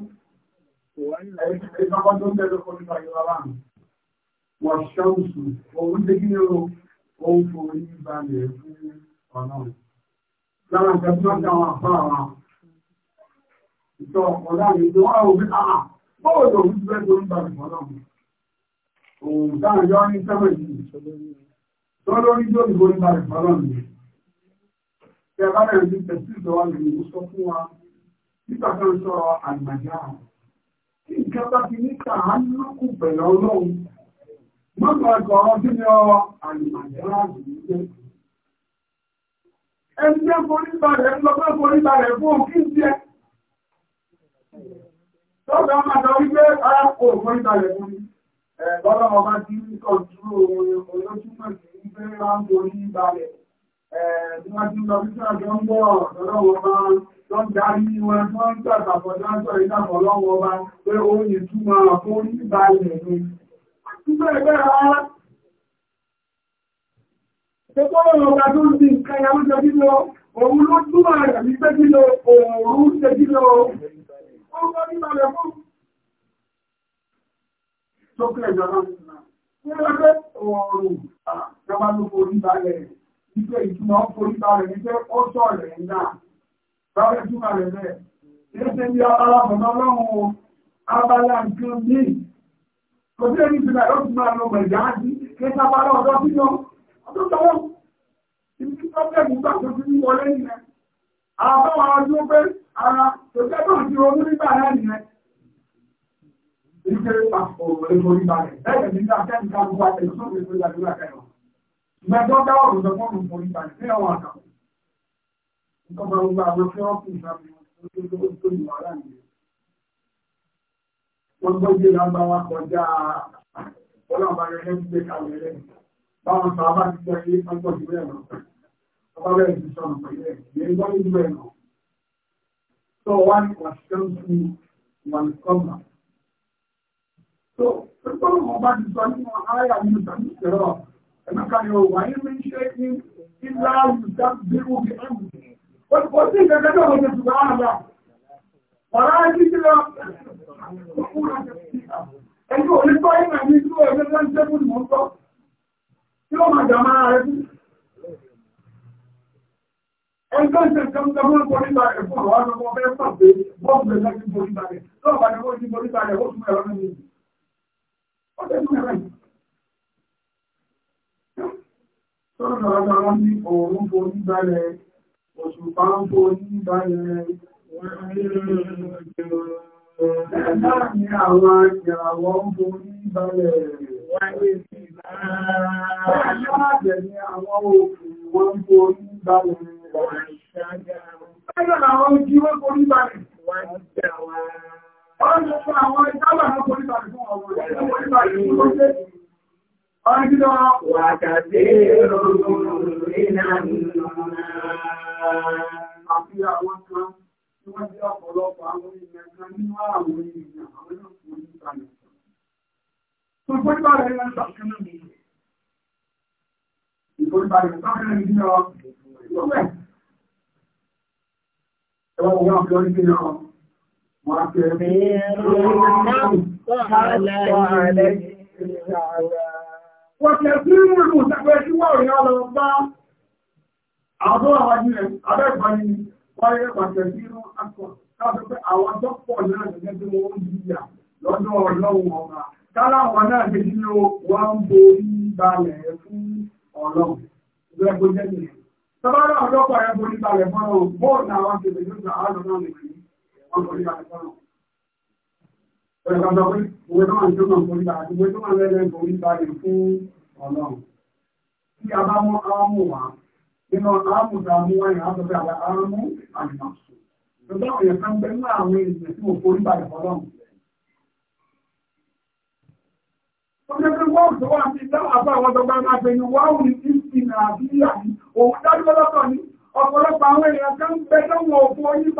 ìjọba tó ń tẹ́lẹ̀ fún ìgbà ìwà wà wọ́n ṣọ́ọ̀sù òun dé kí o ó ń borí balẹ̀ fún ọlọ́run lára ìjọba tó ń dáwọn àpá àwọn ìtọ́ ọ̀láàrin tó wá òun àà bọ́ọ̀ lòun ti fẹ́ tó ń balẹ̀ fọ́lọ́run òun dáhùn yọ Ṣé ẹ bá bẹ̀rẹ̀ ní tẹ̀sí ìjọba lè mú sọ fún wa nígbà tó ń sọ̀rọ̀ àgbàjá. Kí nǹkan bá ti ní ká á lókù pẹ̀lú ọlọ́run. Mọ́tò ẹ̀kọ́ ọ̀rọ̀ kí ni ọ̀rọ̀ àgbàjá àgbàjá. Ẹni jẹ́ forí balẹ̀ ń lọ fẹ́ forí balẹ̀ fún òkú ìjẹ́. Tọ́gbà máa dọ̀ wípé ara kò forí fún mi. Ẹ̀bọ́lọ́mọ bá ti ń kọ̀ dúró olóṣùmọ̀ sí ń fẹ́ bí wọ́n ti lọ sí àjọ ń bọ̀ lọ́wọ́ bá lọ́n darí wọn tó ń tàbà fọ́dáńtọ̀ ìdàpọ̀ lọ́wọ́ bá pé òun ìtumọ̀ fún oníbàálẹ̀ ni. Àtúbẹ̀ bẹ́ẹ̀ rárá. Ṣekọ́rọ̀ ọ̀gá tó ń di nǹkan ìyàwó jẹ́ kí lọ, òun ló túmọ̀ rẹ̀ ní pé kí lọ, òun jẹ́ kí lọ, ó ń bọ́ níbàlẹ̀ fún. Tó kẹ́ ìjọba ń sùn náà. Ṣé ẹgbẹ́ òòrùn àjọba ah, ló forí balẹ̀ rẹ̀? Ìgbé ìtumọ̀ forí balẹ̀ ní pé ó sọ̀rẹ̀ náà. Báwẹ́ túmọ̀ rẹ̀ bẹ́ẹ̀. Ìrẹsẹ̀ ní abala bọ̀nà ọlọ́run abala nǹkan míì. Kò sí èyí ti bẹ̀rẹ̀ ó ti máa lo gbẹ̀gá sí kí sábàlá ọ̀dọ́ sí lọ. Ọdún sọ́wọ́. Ibi tí pọ́pẹ́ẹ̀mù gbà tó ti wọlé nìyẹn. Àbáwọn ọdún pé ara tó jẹ́ tó ti ronú nígbà náà nìyẹn ìgbé àpò ìforíbalẹ̀. Bẹ́ẹ̀ ni ní akẹ́kọ̀ọ́ àti ẹ̀sùn ìforíbalẹ̀ Ìgbàjọ́ dá ọ̀rọ̀ jọ fọ́nù forí balẹ̀ ní ọwọ́ àkà. Nǹkan máa ń gba àwọn tí wọ́n kù ìsàmì wọn tó ní wàhálà nìyẹn. Wọ́n gbọ́ jẹ́ lágbá wa kọjá ọlọ́ọ̀bá rẹ̀ lẹ́nu gbé kalẹ̀ rẹ̀. Báwọn sọ abá ti gbọ́ ilé pọ́npọ́ jù bẹ́ẹ̀ lọ. Ọba bẹ́ẹ̀ ti sọ̀rọ̀ pẹ̀lú ẹ̀. Ìyẹn gbọ́ ẹ̀mẹ́kàlẹ̀ ọ̀wà ìrìn ṣe ní ilá àwùjá bírú bí ẹ̀mù. Ó sì gẹ́gẹ́ tó wọ́n ti wọ́n àlá. Wàrá ẹni tí lọ ẹni òní tọ́ ìmọ̀ ní ìlú ẹgbẹ́ tó ń jẹ́ fún ìmọ̀ tọ́. Kí ó máa jàmá rẹ̀ fún? Ẹni tó ń ṣe nǹkan tó mọ́ ìpọ̀ nípa rẹ̀ fún àwọn ọmọ ọmọ ẹgbẹ́ pàdé bọ́ọ̀lù ẹgbẹ́ tó ń borí balẹ̀. Lọ́ọ̀bà ni wọ́n ti borí balẹ̀ ó tún ẹ̀rọ náà Sọ́sọ̀rọ̀sọ̀rọ̀ ní òun fò ní balẹ̀, òṣùpá ń fò ní balẹ̀, wọ́n rí láàrin àwọn ìràwọ̀ ń fò ní balẹ̀, wọ́n rí sí láàrin àwọn òkú wọ́n fò ní balẹ̀, wọ́n rí ṣájá. Ẹgbẹ̀rẹ̀ àwọn ojú wọ́n fò ní balẹ̀, wọ́n rí ṣáwá. Ọjọ́ fún àwọn ìjábà náà fò ní balẹ̀ fún ọmọ ọjọ́ wàkàtí olóòrùn nínà nínú àti àwọn kan tí wọ́n jẹ́ ọ̀pọ̀lọpọ̀ àwọn ènìyàn kan nínú àwọn ènìyàn àwọn yóò fún ìsàlẹ̀ ìforíbalẹ̀ ìrìn sọ̀kánà mi ìforíbalẹ̀ sọ̀kánà mi ní ọ ìwọ̀wẹ̀ ẹwọ́n wọ́n fi ọdún nínú ọ wọ́n á fi ẹ̀mí ẹ̀rọ ìrìn náà Wọ̀kẹ̀ sí ìrìnkù sẹ́pẹ́ tí wọ́n rí ọlọ bá àwọn àwájú rẹ̀ abẹ́gbani wáyé wọ̀kẹ̀ sí irú akọ. Káàkiri pé àwọn tó pọ̀ náà gẹ́gẹ́ bí wọ́n ń yíyà lọ́dọ̀ ọlọ́run ọba. Káláwọn náà ti ní wọ́n ń borí balẹ̀ fún ọlọ́run. Ìgbẹ́ kó jẹ́ nìyẹn. Tọ́bárà ọ̀dọ́pọ̀ ẹ̀ borí balẹ̀ fọ́nà bóòlù àwọn kèbè yóò gbà á Ọ̀dọ̀kọ̀dọ̀ pé òwe tó máa ń tó máa ń forí ba àti òwe tó máa ń lẹ́lẹ́ forí ba lè fún ọlọ́run. Tí a bá mú áámù wá, nínú áámù tá a mú wá yẹn, a sọ pé àlá áámù àlùmọ̀sù. Ṣùgbọ́n àwọn èèyàn kan gbé nínú àwọn èèyàn tí mo forí ba ìfọlọ́run. Ọjọ́ pé wọ́n tó wá sí dáhùn àbá àwọn ọ̀dọ́gbọ́n máa fẹ́ ni ní ìsìn àbí àbí òun dájú lọ́tọ̀ ni ọ̀pọ̀lọpọ̀ àwọn èèyàn tó ń bẹ tó fọ́lọ́ Ẹgbẹ́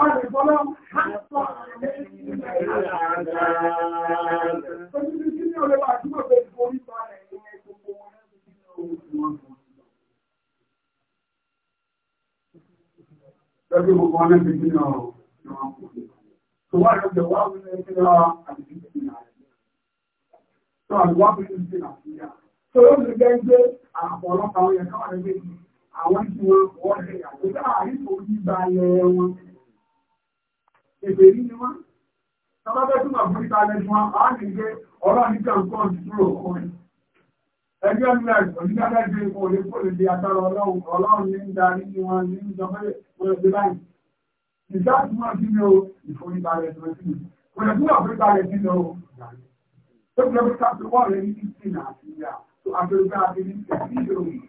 gbogbo ọmọ ẹgbẹ́ ìgbìyànjú ọ̀rọ̀ ìwọ̀n kò ní. Tòwà ìrọ̀gbẹ̀ wà wílẹ̀ ìgbìyànjú àti àwọn tí wọ́n ṣe àkókò àríkò gbígba ayẹyẹ wọn. Èbèrí ni wọ́n. Sábábẹ́ tún máa fún ìtàlẹ̀ fún wa, a ní gbé ọ̀rọ̀ nígbà nǹkan ìṣúrò kan. Ẹgbẹ́ mi láì sọ nígbà láì gbé ipò lè kó lè di agbára ọlọ́run, ọlọ́run ní ń darí ní wọn ní ń jọmọ́ ìwọ̀n ẹgbẹ́ báyìí. Ìjà tí wọ́n ti ní o ìforíbalẹ̀ tó ti. Kò lè tún àforíbalẹ̀ sí lọ. Ó ti lọ bí ká fi wọ́ọ̀rẹ́ ní ìsìn àti ìyà tó abẹ́rẹ́ bá a ti ní ìsìn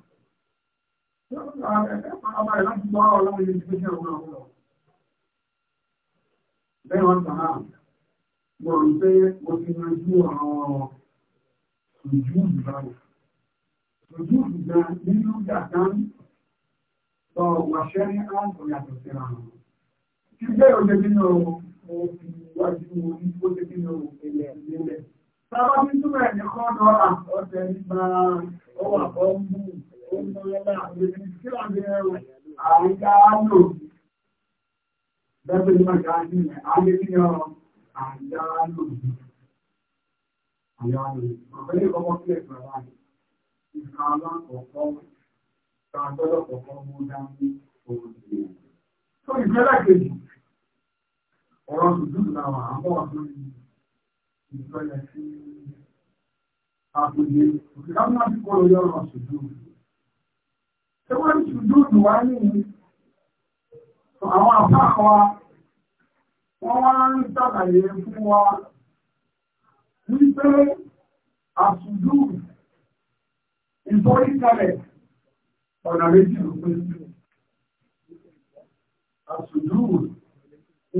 Bẹ́ẹ̀ wọ́n tàn án, mo rò pé mo ti yanjú àwọn ìjú ìbáwò. Ìjú ìgbà nínú ìjàdán lọ wàṣẹ́ ní àwọn ìyàtọ̀ sí ra wọn. Kí bẹ́ẹ̀ ọjọ́ nínú mo fi wájú orí ó ti nínú ilẹ̀ nílẹ̀. Sábà ní túnbẹ̀ ní kọ́ lọ́ra ọ̀tẹ̀ nígbà ọwà ọ̀gbùn. Bẹ́ẹ̀ ni máa ká ní ààrẹ ní ọ̀rọ̀ àyára lòdì. Àyára lòdì. Ọ̀pẹ́lẹ̀ ọmọ kílẹ̀ pẹ̀lú ìka alákọ̀ọ́kọ́ tàbọ́lọ̀ kọ̀ọ̀kan mú dání òun sí. Tó ìfẹ́lẹ̀ kejì, ọ̀rọ̀ tuntun làwọn àbọ̀ ọ̀tún ìfẹ́lẹ̀ sí àpòjẹ́. Òkè ṣé wọ́n ti dúdú wá nìyí àwọn àfáà wa wọ́n wá ń ṣàlàyé fún wa wípé àṣùdù ìforíkalẹ̀ ọ̀nà méjì ló pín sí àṣùdù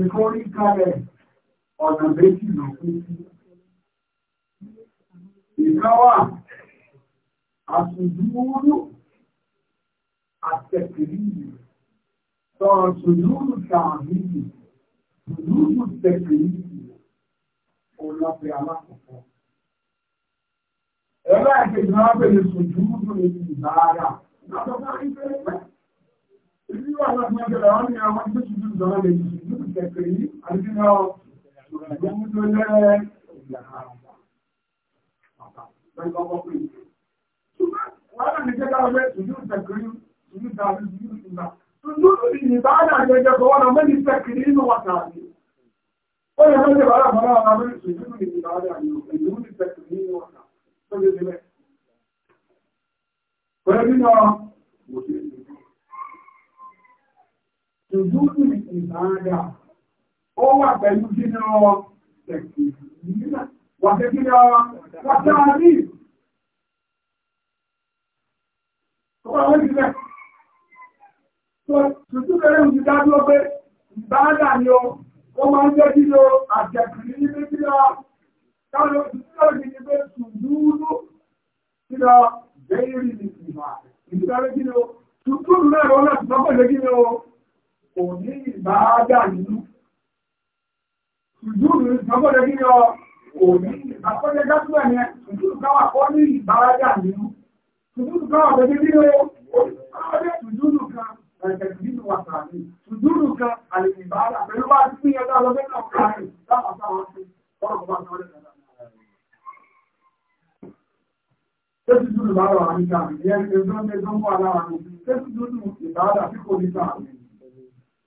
ìforíkalẹ̀ ọ̀nà méjì ló pín sí ìkáwà àṣùdù até lá. é التكريم فسجود التعظيم سجود التكريم قلنا في علاقة Ẹlẹ́ ìgbìyànjú ni sùjúdù ní ìbára. Látọ́ká ìfẹ́ ìfẹ́. Ìlú wà láti é jẹ́lẹ̀ wọ́n ni àwọn tí sùjúdù zọ́nà lè sùjúdù kẹfẹ́ yìí, àti náà sùjúdù lẹ́rẹ̀ ìgbìyànjú. Bẹ́ẹ̀ يدعى بالبيوت الله سجود العبادة عند جوانا من التكريم والتعليم ولا من يبقى فلا أنا من سجود العبادة عند التكريم والتعليم فلبنا سجود العبادة هو بيوتنا تكريم وتكريم وتعليم Tó bá wọ́n ti bẹ́ẹ̀. Tùtù bẹ̀rẹ̀ ń dá dúró pé ìbáàdà ni ó, ó máa ń jẹ́ kí ló àjẹ̀kù ní ní bí lọ. Káwọn òṣìṣẹ́ òṣìṣẹ́ ti pé tùdúrú kí lọ bẹ́ẹ̀rì ní ìgbà. Ìgbàlẹ́ kí ló tùtù mẹ́rin ọ̀nà tó pẹ̀lú kí ló kò ní ìbáàdà nínú. Tùdúrú tó pẹ̀lú kí ló kò ní àkọ́jẹ́ gásùwẹ̀ yẹn, tùdúrú káwà kọ́ ní ìbáàdà nínú. Tùdúrú káwà ẹ̀kẹ̀dínú wà tààrí ṣùgbọ́n kan àlèkè bá rà pẹ̀lú bá ti pín ẹgbẹ́ ọlọ́gbẹ́ náà kárí láwọn sáwọn ṣe ọ̀rọ̀ kọ́ bá sọ ọ́lẹ́ dáadáa. Tẹ́sí dúdú bá rọ̀ àníkà ìyẹn ẹgbẹ́ ọmọ ẹgbẹ́ ọmọ alára ní tẹ́sí dúdú ìbáradà tí kò ní ta àmì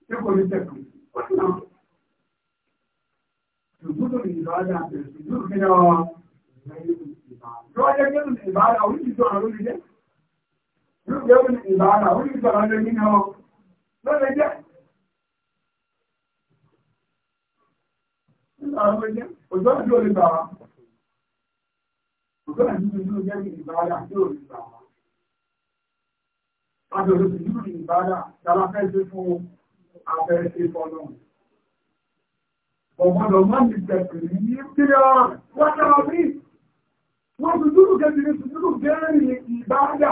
tí kò ní tẹ̀kù. Ṣùgbọ́n ìbáradà tẹ̀sí dúdú kí ni ọ yóò jẹ́ òun ìbára òun ìsọ̀rọ̀ lè nínú ọ ló lè jẹ́ òjò àti olè bàbá òjò àti olè jẹ́ ìbára tí ò lè bàbá àjọ̀dọ̀ sí ìlú ìbára tàbí afẹ́ṣe fún afẹ́ṣe fọ́nà ọ̀gbọ́dọ̀ máa ń tẹ̀sì ní kíra wọ́n tẹ́ra bí wọ́n tuntun kẹ́sì ní tuntun kẹ́rin ìbára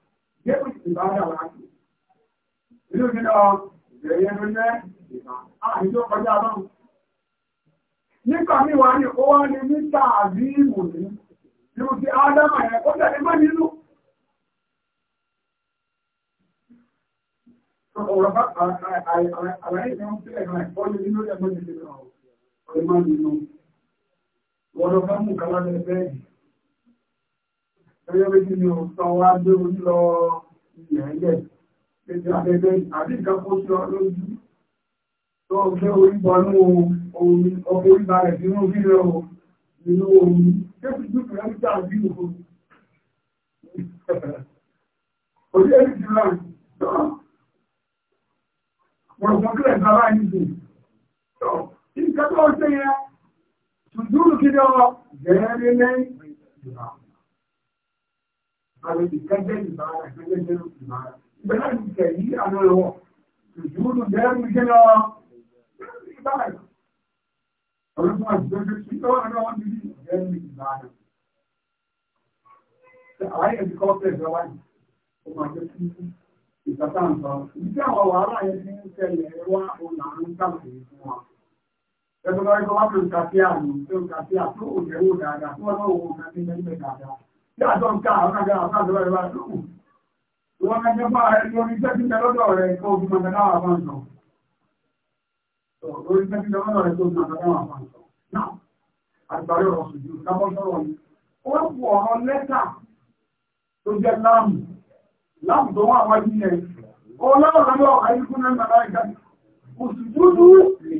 Yẹ́pù ìbára wà ní. Ilé òní lọ, ìbẹ̀rẹ̀ ló jẹ́ ìbára. Àà ìjọ kọjá lọ́rùn. Nígbà mí wà ní ó wá ní mítà àbí ìwòní. Irú ti Ádámà yẹn kó tẹ̀lé mọ́ nínú. Ọ̀rọ̀ bá àlàyé ìfẹ́ ń sílẹ̀ náà ẹ̀kọ́ ní nínú ẹgbẹ́ ìṣẹ́ náà. Ọ̀rọ̀ máa nínú. Wọ́n lọ fẹ́ mú kálá lẹ́gbẹ̀ẹ́ yìí. Ẹgbẹ́ méjì ni òǹtọ́ wá gbé orí lọ ilẹ̀ Ètò àbẹ̀bẹ̀ àbí nǹkan kó sí lójú. Tó o gbé orí bọnú omi, ọkọ̀ orí balẹ̀ sínú orí rẹ̀ o, nínú omi. Ṣé kìí dúkùú rẹ̀ ń òkú? Òdí èyí ti rà tọ́. Mọ̀rọ̀kùn kílẹ̀ sára yìí dùn. Tọ́ nǹkan ṣe yẹn, ṣùgbọ́n kí ni ọ gẹ̀ẹ́rẹ́ àwọn ìkẹ́jẹ́ ìbára ìkẹ́jẹ́ jẹ́rù ìbára ìbẹ̀rẹ̀ ìkẹ́ yìí àwọn ẹ̀wọ̀ ìjúwòrò jẹ́rù ìjẹ́ lọ ìbára ọlọ́pàá àjọjọ́ sí lọ́wọ́ àwọn ọmọ ìlú jẹ́rù ìbára àwọn ẹ̀dì kọ́pẹ̀ lọ́wọ́ ó máa jẹ́ sí ìtàtàǹtà ìdí àwọn wàhálà yẹn ti ń tẹ̀lé ẹ̀rọ àwọn àwọn ìtàkùn fún wa ẹgbẹ́ lọ́wọ́ ẹgbẹ́ wá pé òkàfíà ní òkàfíà tó òjẹ́wò dáadáa tó wọ́n lọ́wọ́ òkàfíà ní ẹgbẹ́ dáadáa dájọ́ ń ká àwọn àgbà àwọn àgbà ìwà lókù ìwọ́n mẹ́jọ bá orí jẹ́ ti lọ́dọ̀ rẹ̀ kó o fi mọ̀ tẹ́lá wà fún ọ̀sán orí jẹ́ ti lọ́dọ̀ rẹ̀ kó o fi mọ̀ tẹ́lá wà fún ọ̀sán náà àgbàrí ọ̀rọ̀ sùjú lábọ́ sọ̀rọ̀ yìí ó pù ọ̀rọ̀ lẹ́tà tó jẹ́ láàmù láàmù tó wà wájú yẹn ó lọ́rọ̀ lọ́dọ̀ ayíkú náà nàlá ìgbà òsùjú dúró lè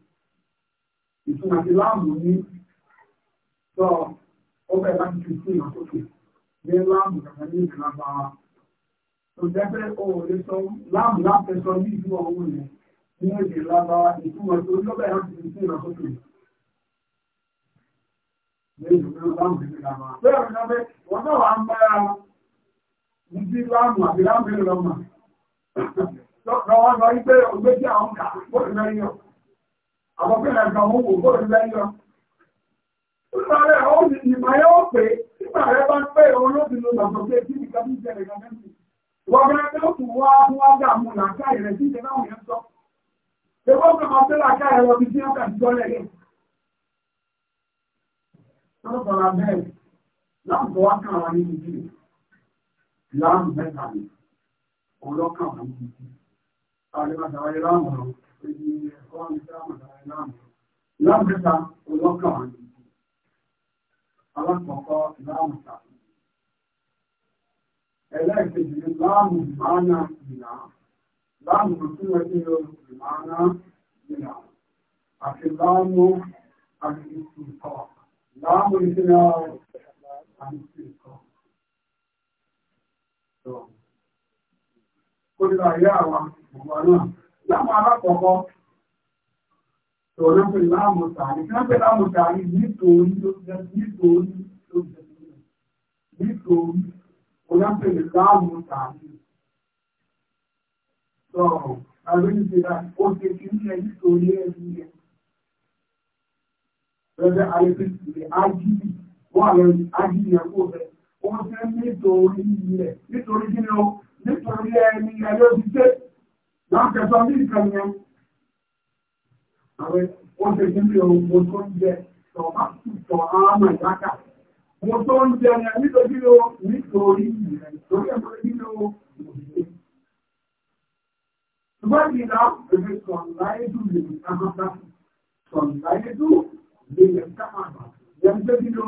ìtumọ̀ àti láàmù ní sọ ọbẹ̀ láti fi sí ìrànsókè ní láàmù kàkà ní ìlú lágbára tó jẹ́ pé o ò lè sọ láàmù láti sọ ní ìlú ọ̀hún yẹn ní èdè lágbára ìtumọ̀ tó lọ́bẹ̀ láti fi sí ìrànsókè ní ìlú láàmù ní lágbára. bẹ́ẹ̀ ni wọ́n náà wà ń bára ní sí láàmù àti láàmù ní lọ́mà lọ́wọ́ lọ ipé ògbé tí àwọn kà àwọn pẹ́lẹ̀ kan mú kò gbọ́rọ̀ lẹ́yọ. Nígbà rẹ̀ ó ní ìmọ̀ ẹ̀ ó pé nígbà rẹ̀ bá ń pé olóbìnú lọ́sọ̀ pé kí ni kẹ́mí jẹ̀rẹ̀ kan mẹ́sì. Wọ́n bẹ̀rẹ̀ pé ó tún wá fún wá gbà mú làákà ìrẹ̀ sí ìṣẹ́ láwọn yẹn sọ. Ṣébọ́ ń kọ́kọ́ pé làákà ẹ̀ lọ bí tí wọ́n kà ń tọ́lẹ̀ yẹn. Sọ́dọ̀kọ̀ra bẹ́ẹ̀ láǹkọ wá kàn wá ní ìdí láàmù mẹ́ta ni ọlọ́kàn wá ní ìdí. Àwọn ìbáṣà wáyé láàmù ọ̀rọ̀. Láàmùsá olókàn wọn ni. Alákọ̀ọ́kọ́ láàmùsá. Ẹlẹ́ẹ̀kejì ni láàmù ìmáná ìlà. Láàmù tí wọ́n ti lo ìmáná ìlà. Àti láàmù àti ìsìnkọ̀. Láàmù ìsìnkọ̀ àti ìsìnkọ̀. Kó nígbà yá àwọn ọmọ náà láwọn alákọ̀ọ́kọ́ tọ̀rọ̀ pé láàmù sàárì kí wọ́n pè láàmù sàárì nítorí ló jẹ́ nítorí ló jẹ́ nítorí olápẹ̀lẹ̀ láàmù sàárì sọ̀rọ̀ àríwíṣẹ́lá ó ṣe kí ní ẹ nítorí ẹ̀rí ẹ̀ rẹ̀rẹ̀ àríwíṣẹ́lẹ̀ ágìlì wà lórí ágìlì ẹ̀kọ́ rẹ̀ ó ṣe nítorí ilẹ̀ nítorí kí ni ó nítorí ẹni ẹlẹ́bíṣẹ́ Láàkẹta ní ìkànnìyàn, àwọn oúnjẹ ìdílé ohun tó ń jẹ tọ̀bá tọ̀ àmà ìdáka. Mo tó ń jẹ ni nítorí o nítorí ìrìn torí ẹ̀kọ́ ìdílé o òṣìṣẹ́. Ṣùgbọ́n ìlà èdè sọ̀nláyédú lè ní káàkiri. Sọ̀nláyédú lè ní káàkiri. Yẹn tó dídó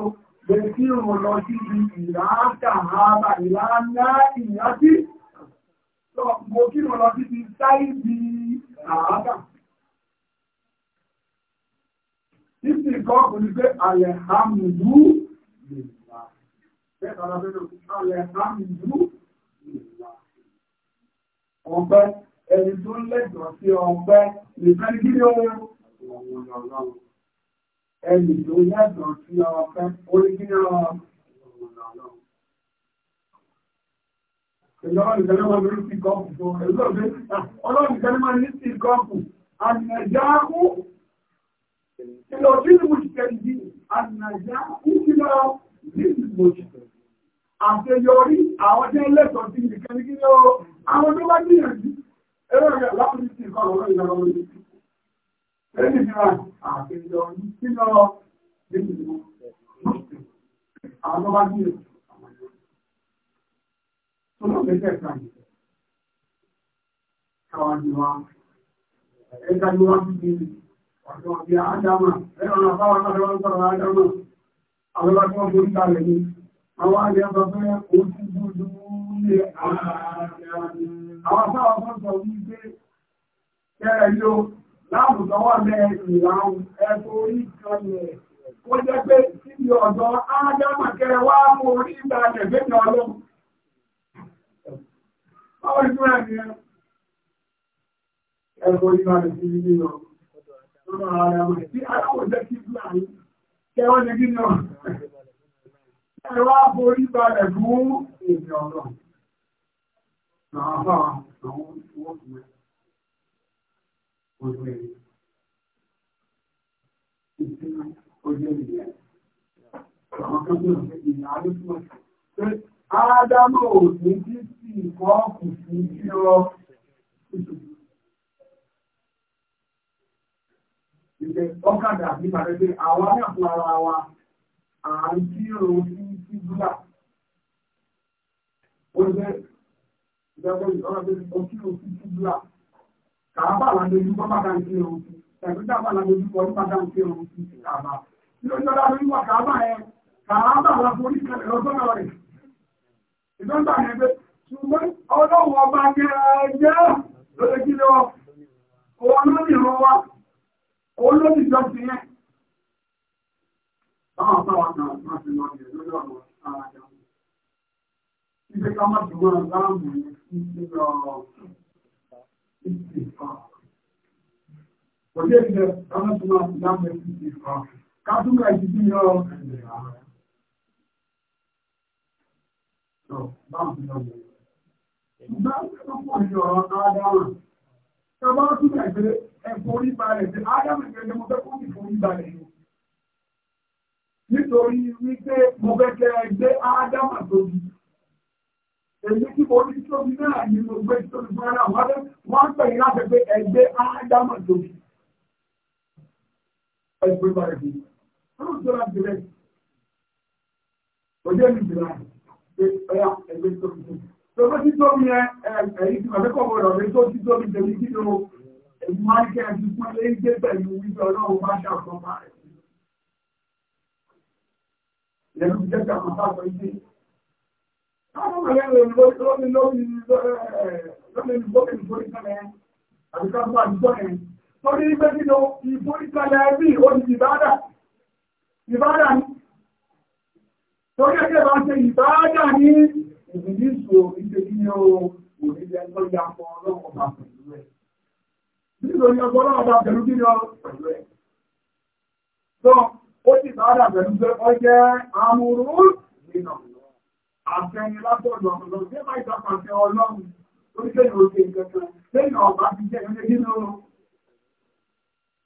lè kí òun lọ sí ìlà kàhàbà ìlà ńlá ìyá sí mo kí mo lọ sí ti sáìdì àádà. Ìsì kan kò ní pé Alẹ̀hámùdú lèlá. Bẹ́ẹ̀ta la bẹ́ẹ̀ Alẹ̀hámùdú lèlá. Ọpẹ́ ẹni tó lẹ́jọ́ sí ọpẹ́ nìkan ní kíni ohun ẹni tó lẹ́jọ́ sí ọpẹ́ orí kíni ọ̀rọ̀ ìjọba ìjọba máa ní sí kọ́ọ̀pù ọlọ́run ìjọba máa ní sí kọ́ọ̀pù ànàjáàkú ìlọ tí ní mo ṣiṣẹ́ ìdí ànàjáàkú ìlọ tí ní mo ṣiṣẹ́ àṣeyọrí àwọn tí ń lẹ́tọ̀ọ́ sí nìkan kí ló àwọn tó bá gbìyànjú ẹ̀rọ rẹ̀ láwọn ní sí kọ́ọ̀pù ọlọ́run ìjọba máa ní sí ẹni tí wà ọmọ pẹ́pẹ́ kan káwàjúwá ẹgbàjúwá bí i ọ̀dọ́ bí ádámà ẹ̀rọ àbáwọn àdáwọn sọ̀rọ̀ ádámà àwọn tó borí kalẹ̀ ní àwọn alẹ́ ọ̀fẹ́ ojú gbogbo ní àwọn sáwọn tó sọ wípé kẹrẹ yóò láàbùsọ wà lẹ́ ìlàun ẹ̀kọ́ orí kan lẹ̀ kó jẹ́ Àwọn ìgbà ni ẹgbẹ́ ìgbà rẹ̀ sí ilé lọ. Lọ́nà ara rẹ̀ sí aláwọ̀ jẹ́ kí ìgbà rẹ̀ kẹwọ́n ní gínà. Ẹwà borí balẹ̀ fún èdè ọ̀rọ̀. Nàáfà àwọn ìwọ̀kùnrin. Ojú ẹ̀rí. Ìsinmi ojú ẹ̀rí rẹ̀. Àwọn kan tó lọ sí ìyá ló túnmọ̀ sí. Ádámọ̀ òní tí nǹkan kò sí irọ́ ìgbẹ́ ọ̀kadà ní pàtẹ́gbẹ́ àwa náà fún ara wa à ń kírò sí síbúlà ó jẹ́ ìgbẹ́gbẹ́ ọ̀rọ̀dé òkírò sí síbúlà kàábà làdójú kọ́ bàtà ń kírò sí tàbí dàbà làdójú kọ́ bàtà ń kírò sí kàábà lójú ọ̀dà lórí wà kàábà yẹn kàábà làforí kẹlẹ̀ lọ́sọ́nà rẹ̀ ìdọ́gbà yẹn bẹ́ẹ̀ ṣùgbọ́n ọlọ́wọ́ ọba gẹ́gẹ́ lórí kí lọ́wọ́ òun ló ní ìrọwà òun ló ní ìjọsí yẹn báwọn báwọn náà máa ti lọ rẹ̀ lórí ọ̀rọ̀ ara jẹun ìgbé ká má dùgbọ́ láàmù nílọ ìsìnkà òjé ìjẹ ká má dùgbọ́ láàmù ìsìnkà ká dùgbà ìdíjú yọ ẹ̀rẹ̀ Ìgbà tó pọ̀ ní ọ̀rọ̀ Ádámà. Tọ́bá tún gbàgbé ẹ̀fọ́rí balẹ̀ tí Ádámà gẹ̀gẹ́ mo fẹ́ kó ní forí balẹ̀ yìí. Nítorí wípé mo fẹ́ kẹ́ ẹgbẹ́ Ádámà tóbi. Èyí tí mo ní tóbi náà ni mo gbé tóbi fún ara wọn fẹ́ wọ́n pè ní láti pé ẹgbẹ́ Ádámà tóbi. Ẹgbẹ́ balẹ̀ bí. Wọ́n tó láti rẹ̀. Òjẹ́ mi jìlá ẹgbẹ́ tóbi tóbi. Lọ́pọ̀ tí tó mi ẹ̀yìn tí màfẹ́ kọ̀ọ̀kọ̀ rọ̀ mi tó tí tó mi tẹ̀lé kí ló máa ń kẹ́ ẹ̀jú fún ilé ìgbé pẹ̀lú wípé ọlọ́run bá ṣàkóso máa rẹ̀. Lẹ́nu jẹ́ kí àwọn bá sọ ilé. Àwọn ọmọ rẹ̀ lómi lómi lómi lómi ìforíkalẹ̀ àbíká fún àdúgbò yẹn. Torí pé kí ló ìforíkalẹ̀ bí ó ti ìbádà. Ìbádà ni. Torí ẹgbẹ́ bá ń ṣe ìbádà ní ìbílísù ìṣèjì ní òun tó ya pọ̀ ọlọ́wọ́ pẹ̀lú ẹ̀. nítorí ọgbọ́ ọlọ́wọ́ bá pẹ̀lú kí ni ọ pẹ̀lú ẹ̀. àfẹ́ni látọ̀dọ̀ ọlọ́run máa ìtàkùn ọlọ́run oríṣẹ́ ìwòsè ìkẹta lẹ́yìn ọba ti jẹ́ ẹgbẹ́ nínú ọ̀rọ̀.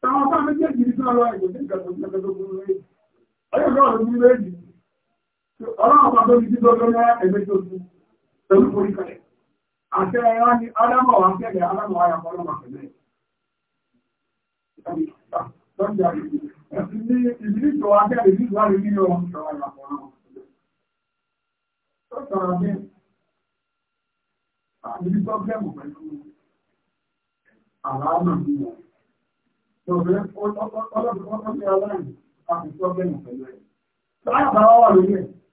táwọn Ọlọ́run bá tó ní títọ́ tó ní ẹgbẹ́ tó tún pẹ̀lú orí kalẹ̀. Àṣẹ ẹ̀rọ ni Ádámọ̀ wà kẹ́lẹ̀ Ádámọ̀ wà yàpọ̀ lọ́mà pẹ̀lẹ́. Ẹ̀sìn ní ìbílí tó wá kẹ́lẹ̀ ní ìwà ní ọmọ ìṣọ̀rọ̀ yàpọ̀ lọ́mà pẹ̀lẹ́. Tó sọ̀rọ̀ bí àbílí tó bẹ̀rù pẹ̀lú àlàámà ní wọn. Tòbẹ́ ọlọ́dún kọ́kọ́ sí aláìní àbílí tó bẹ̀rù pẹ̀lú ẹ̀. Láàbà wà lórí ẹ̀.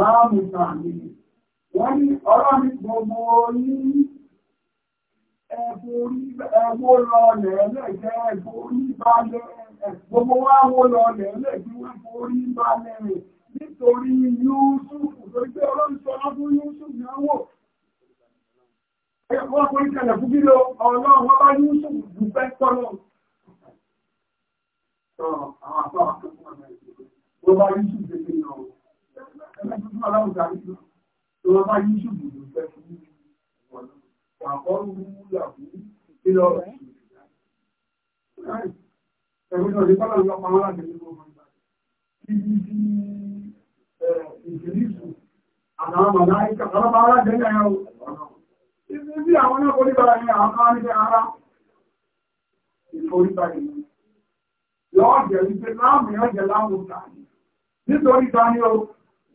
láàmù tààmì wọ́n ní ọ̀rọ̀ ní gbogbo ní ẹ̀wọ́ lọ́lẹ̀ ẹlẹ́jẹ́ ẹ̀fọ́rí balẹ̀ gbogbo wá wó lọ́lẹ̀ ẹlẹ́jẹ́ wọ́n forí balẹ̀ nítorí Yúsùfù tó gbé ọlọ́run sọ fún Yúsùfù náà wò wọ́n kò ní kẹlẹ̀ fún bílò ọlọ́run wọ́n bá Yúsùfù dùpẹ́ tọ́lọ́ Wọ́n bá Yúsùfù tẹ̀lé ẹlẹ́gbẹ̀ẹ́ aláwọ̀ darí lọ tó wọ́n bá yí ṣùgbọ́n ló fẹ́ fún wọn àkọ́rù yàgò ìlọ ẹ̀rọ ìjọba ìpàdé ọlọ́pàá wọn láti ní gbogbo ìgbà tí ibi ìgbìlísù àtàwọn màláìkà ọlọ́pàá wọn láti ní ẹ̀yà ọ̀nà ibi àwọn náà kò wípé láàmì ọ̀jẹ̀ láàmù tààrí nítorí ta ni o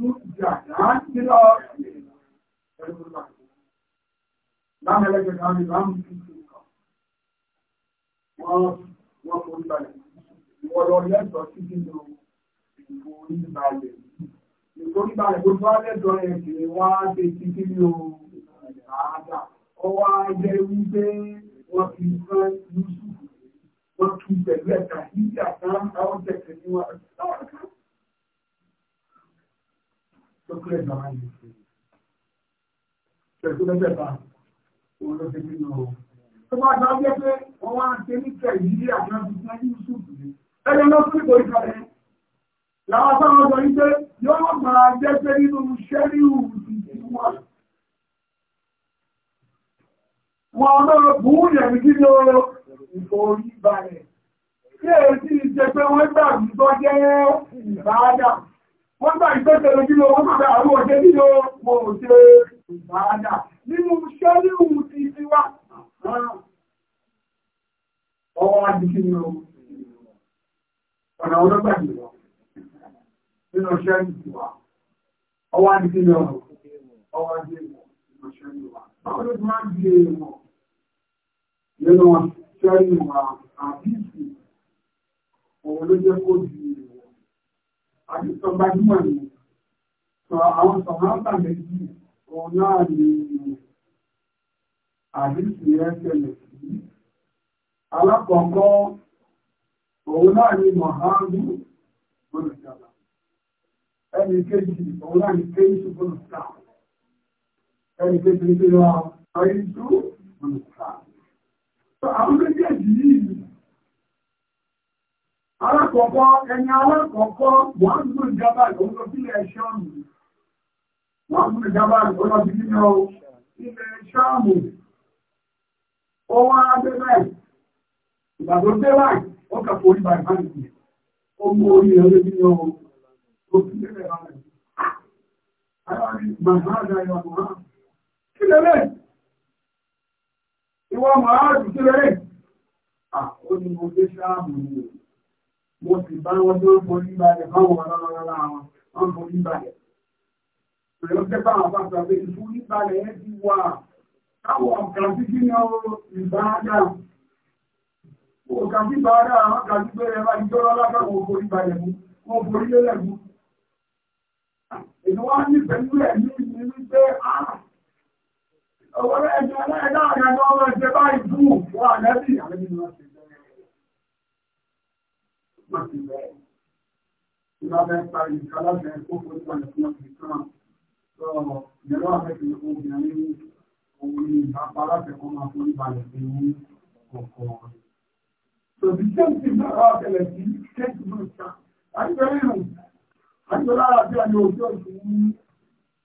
Láàrín ẹlẹ́gbẹ̀ẹ́ kan ní láàrín títí kan. Wọ́n kò ń balẹ̀. Ìwọ̀n lọ lẹ́tọ̀ọ́ sí nínú ìbò oníbalẹ̀. Ìbò oníbalẹ̀ tó bá lẹ́tọ̀ọ́ ẹ̀ kì í wá dé títí ní ohun àádá. Ó wá jẹ́ wípé wọ́n fi fẹ́ Yusuf. Wọ́n tún pẹ̀lú ẹ̀ka ìdí àtàrà àwọn tẹ̀sẹ̀ níwájú tó kílẹ̀ gbàmà yìí pẹ̀lú lẹ́gbẹ̀ta òun ló ti nínú o. tó bá gbà jẹ́ pé wọ́n wá ń ṣe ní kẹ̀yìí àti wọn ti fún ẹni ṣùkú ni ẹni ló tún ìbò ìkàlẹ̀ làwọn sáwọn sọ yìí pé yóò máa jẹ́ pé nínú ṣẹ́ríù ìdí wa. wọn náà bú yẹ̀mí kí ni ó ìforí balẹ̀. kí èyí ti jẹ́ pé wọ́n gbà wípé jẹ́ ìbáradà wọ́n gbà ìgbẹ́sẹ̀ lójú lọ wọ́n gbà àwọn òṣè nílò mo ò ṣe ìbáadà nínú iṣẹ́ ríhùn ti ti wá ọwọ́ adìsí ni ọ̀nà ọlọ́gbà jùlọ nínú iṣẹ́ ìtì wá ọwọ́ adìsí ni ọwọ́ adìsí nínú iṣẹ́ ìtì wá báwọn ló ti máa ń di èèmọ̀ nínú àdìsọ gbajúmọ̀ ni sọ àwọn sọ̀rọ̀ǹtà méjì òun náà ni àdìsí rẹ̀ ṣẹlẹ̀ sí alákọ̀ọ́kọ́ òun náà ni mohamed olùsàlà ẹni kejì òun náà ni kéyìsù olùsàlà ẹni kejì ní pé wọ́n ayé tó olùsàlà. sọ àwọn méjèèjì yìí Alákọ̀ọ́kọ́ ẹni alákọ̀ọ́kọ́ wọ́n ń gún ìjábá ìgbóngbó sílẹ̀ ṣọ́ọ̀mù. Wọ́n ń gún ìjábá ìgbóngbó sílẹ̀ ṣọ́ọ̀mù. Ó wá bẹ́bẹ̀. Ìgbà tó dé báyìí, ó kà forí bàì bá nìyí. Ó mú orí ẹ̀rọ bí yọ ó fi lélẹ̀ ah! Kí lélẹ̀? Ìwà màhádà kí lélẹ̀? Ah, ó ní mo dé mo sì bá wọn tó ń forí balẹ̀ báwọn ọlọ́lọ́lọ́lá wọn wọ́n ń forí balẹ̀. Pẹ̀lú pé báwọn bá sọ pé ìforí balẹ̀ yẹn ti wà káwọn ọ̀gá sí kí ni ọ̀rọ̀ ìbáradà. Ọ̀gá sí ìbáradà àwọn ọ̀gá sí pé ẹ̀rọ ìjọ́rọ̀ lákàwọn forí balẹ̀ mú, wọ́n forí lélẹ̀ mú. Ìnáwó á ní pẹ̀lú ẹ̀ ní ìlú pé á ah, ọ̀wọ́rẹ́ ẹ̀jẹ̀ aláìláàrin ọmọ ẹ̀jẹ̀ báyìí fún òkú àlẹ́bí àlẹ́bí wọ́n ti bẹ̀rẹ̀. Tí wọ́n fẹ́ parí nǹkan lábẹ́ kókó tí wọ́n ti wọ́n ti kàn. Sọ ìyẹ̀rọ àfẹ́kì obìnrin òun ni ìbápa láti kọ́ máa fún ìbàlẹ̀ sí ní kọ̀ọ̀kan. Tòbí kéèkì náà àtẹlẹ̀ sí kéèkì náà ṣá. Àjọ ìrùn, àjọ lára bí ẹni ojú òṣù ní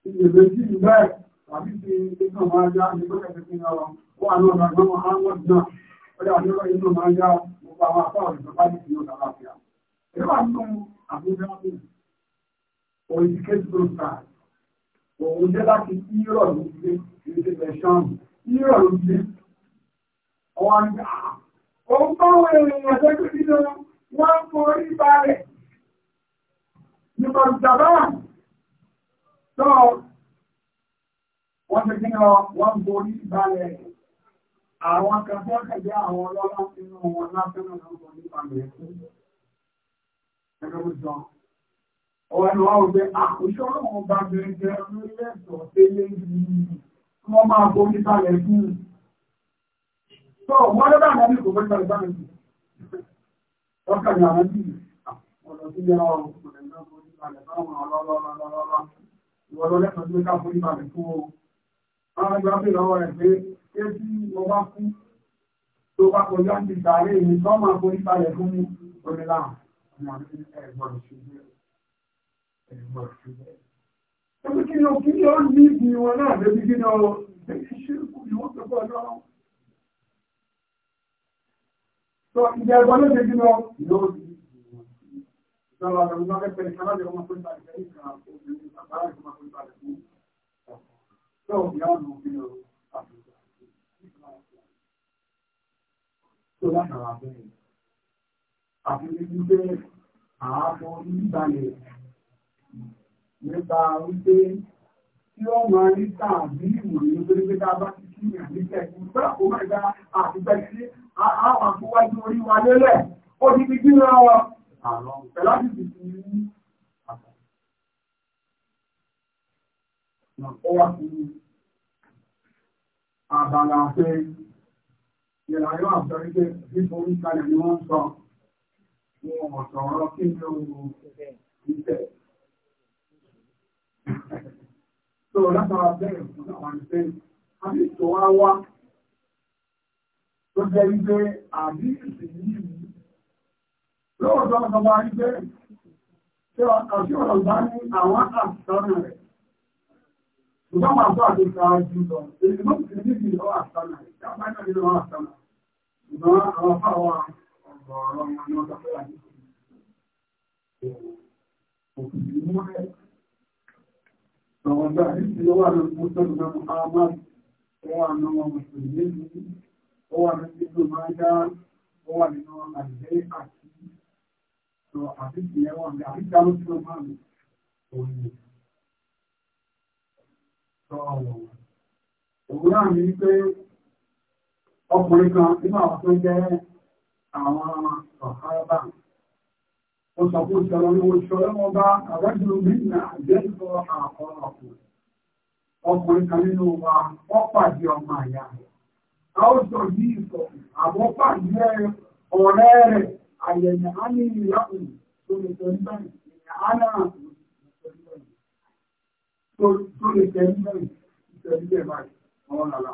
ìyèméjì ìgbẹ́ tàbí ti ìgbọ̀n máa yá ní bókẹ́ ọjọ́ àjọ́rọ̀ inú máa yá gbogbo àwọn afọ́ ìjọba ní ìlú àlàáfíà. Ìjọba ń tún àbújá bí òyìn kéjì tó sà. Òun jẹ́ láti írọ̀ ló gbé ìrètí ẹ̀ṣán. Írọ̀ ló gbé. Ọwọ́ ń gbà. Ah, òun bá wọn èèyàn ẹ̀jẹ̀ tó ti lọ, wọ́n ń forí balẹ̀. Nípa ìjàmbá náà, wọ́n ti kí ni wọ́n ń forí balẹ̀ àwọn kan tó kẹjẹ́ àwọn ọlọ́lá nínú wọn lásánà lọ́pọ̀ nípa mẹ́kún ẹgbẹ́ sọ ọ̀rẹ́ wa ò pé àkóṣọ́ ah, ọlọ́run bá bẹ̀rẹ̀ jẹ́ lórílẹ̀-èdè tẹ́lẹ̀ yìí wọ́n máa bó nípa mẹ́kún tó wọ́n lọ́dọ̀ àwọn ọmọ ìkòkò ìgbà ìgbà mẹ́kún ọkà ní àwọn bí ọ̀rọ̀ sí yẹra ọ̀rọ̀ ìwọ̀n lọ́lẹ́kọ̀ọ́ ebi ọba kú tó bá kọjá ti sàárè mi tó máa forí balẹ̀ fún mi onílà ọmọ mi ẹ̀gbọ́n ìṣubú ẹ̀gbọ́n ìṣubú. Ebi kí ni o kí ni ó ní ìdí wọn náà lébi kí ni o ṣe kú ni wọ́n tẹ́kọ̀ọ́ lọ́wọ́. Sọ ìjà ẹ̀gbọ́n ló ṣe kí ni o yóò di ìdí wọn. Ìjọba àwọn ọmọ akẹ́kọ̀ọ́ ìṣẹ́ láti ọmọ tó látara bẹ́ẹ̀. Àfihàn wípé àábọ̀ níbalẹ̀ nípa wípé tí ó máa rí tàbí ìwòye pé pé tá a bá ti kí ìrìn àníkẹ́ ìgbà kó máa gba àtìgbẹ́ sí àwọn àfọwájú orí wa lélẹ̀ ó ti fi gíra wọn. Àlọ́ ìràyọ́ àtọ́rígbé fífò ń kalẹ̀ ní wọ́n sọ wọn ọ̀tọ̀ ọ̀rọ̀ kí ní ohun ìfẹ́. tó látara bẹ́ẹ̀ fún àwọn ìfẹ́ àbíṣò wá wá tó jẹ́ wípé àbíṣì yìí lóòótọ́ ọ̀tọ́ba wípé tí ọ̀rọ̀ bá ní àwọn rẹ̀ ṣùgbọ́n wà rẹ̀ ṣùgbọ́n àwọn fáwọn ọ̀rọ̀ ọmọ náà tọ́kọ̀ láti ṣe òkùnkùn múlẹ̀ ọ̀rọ̀ gbà nítorí ó wà lórí mọ́tọ́lù náà muhammad ó wà nínú wọn mùsùlùmí ní ó wà nínú ìlú máyá ó wà nínú àìlẹ́ àti sọ àbíkì ẹwà ní àríkà ló tí máa lò òye sọ ọkùnrin kan nínú àwọn tó jẹ́ àwọn ọ̀háábà ó sọ fún ìṣọ́lọ́ ní oṣù ọlọ́wọ́ bá àwájú nínú àjẹ́ ìṣọ́ àkọ́ ọkùnrin ọkùnrin kan nínú wa wọ́n pàdé ọmọ àyà rẹ̀ a ó sọ yí ìsọ̀ àmọ́ pàdé ọ̀rẹ́ rẹ̀ àyẹ̀yẹ̀ á ní ìyàkùn tó lè tẹ̀lé bẹ́ẹ̀ ìyẹn á náà tó lè tẹ̀lé bẹ́ẹ̀ ìtẹ̀lé báyìí ọ̀rọ̀ làlá.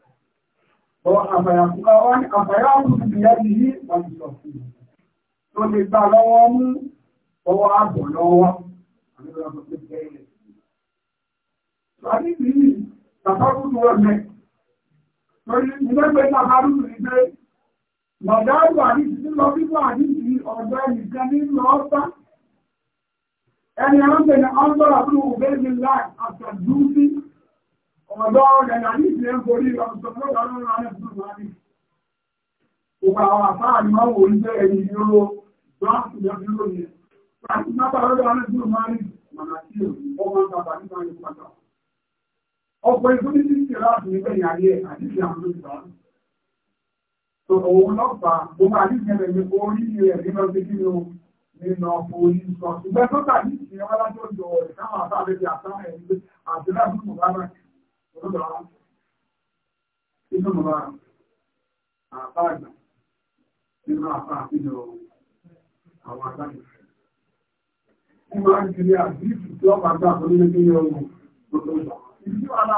Àfàyàmù ìyẹ́bìí wọ́n ti sọ fún un. Tó lè gbà lọ́wọ́ mú ọwọ́ àbọ̀ lọ́wọ́. Àdíbìí, tàbárùn-ún wọ́n mẹ́. Torí ìgbẹ́gbẹ́ tàbárùn-ún rí pé, Mọ̀dáàrù àdíbìí tí lọ bí wọ́n àdíbìí ọ̀dọ́ ìkan ní lọ́ọ́ta. Ẹni àwọn bẹ̀rẹ̀ ọ̀dọ́ ọ̀gẹ̀dà ní ìṣẹ́ ń borí Ọ̀pọ̀ ìfúnni tí ìṣẹ́ láti nígbẹ̀yìn ayé àdíṣẹ́ àwọn olóògbà. Sọ̀rọ̀ lọ́pàá, gbogbo àdíṣẹ́ rẹ̀ ní orí rẹ̀ nínú sí kí ni ó orí sọ. Ṣùgbẹ́ tó tàbí ìṣẹ́ wọ́n látọ́ jọ lọ́dọ̀ nínú bàbá àpá àgbà nínú àpá àfihàn àwọn àgbàgbà. Wọ́n máa ń kiri àbíkù tí wọ́n máa gbà fún nínú kí yọ ohun gbogbo ìjọba. ìjọba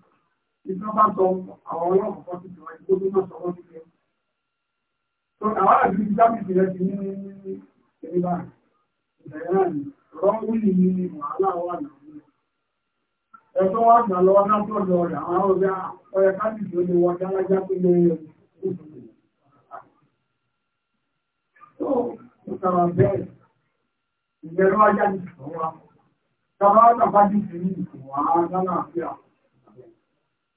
ìjọba sọ àwọn ọlọ́run kan ti sọ ẹgbẹ́ tó náà sọ̀rọ̀ sí ẹ. tó àwọn àbí jábìtì rẹ ti ní ẹ̀ríbà ìbẹ̀rẹ̀ náà ni rọ́ọ̀wù ni ní wàhálà wà nàìjíríà. ẹ̀tọ́ wa gbà lọ́wọ́ látọ̀ lọ rẹ̀ àwọn ọ̀rẹ́ ọ̀rẹ́ kábìtì ó lè wọ dálájá tó lè tó ìtara bẹ́ẹ̀ ìbẹ̀rẹ̀ wájà ní ìfọwọ́. tàbá tàbá jù sí ní ìfọwọ́ àá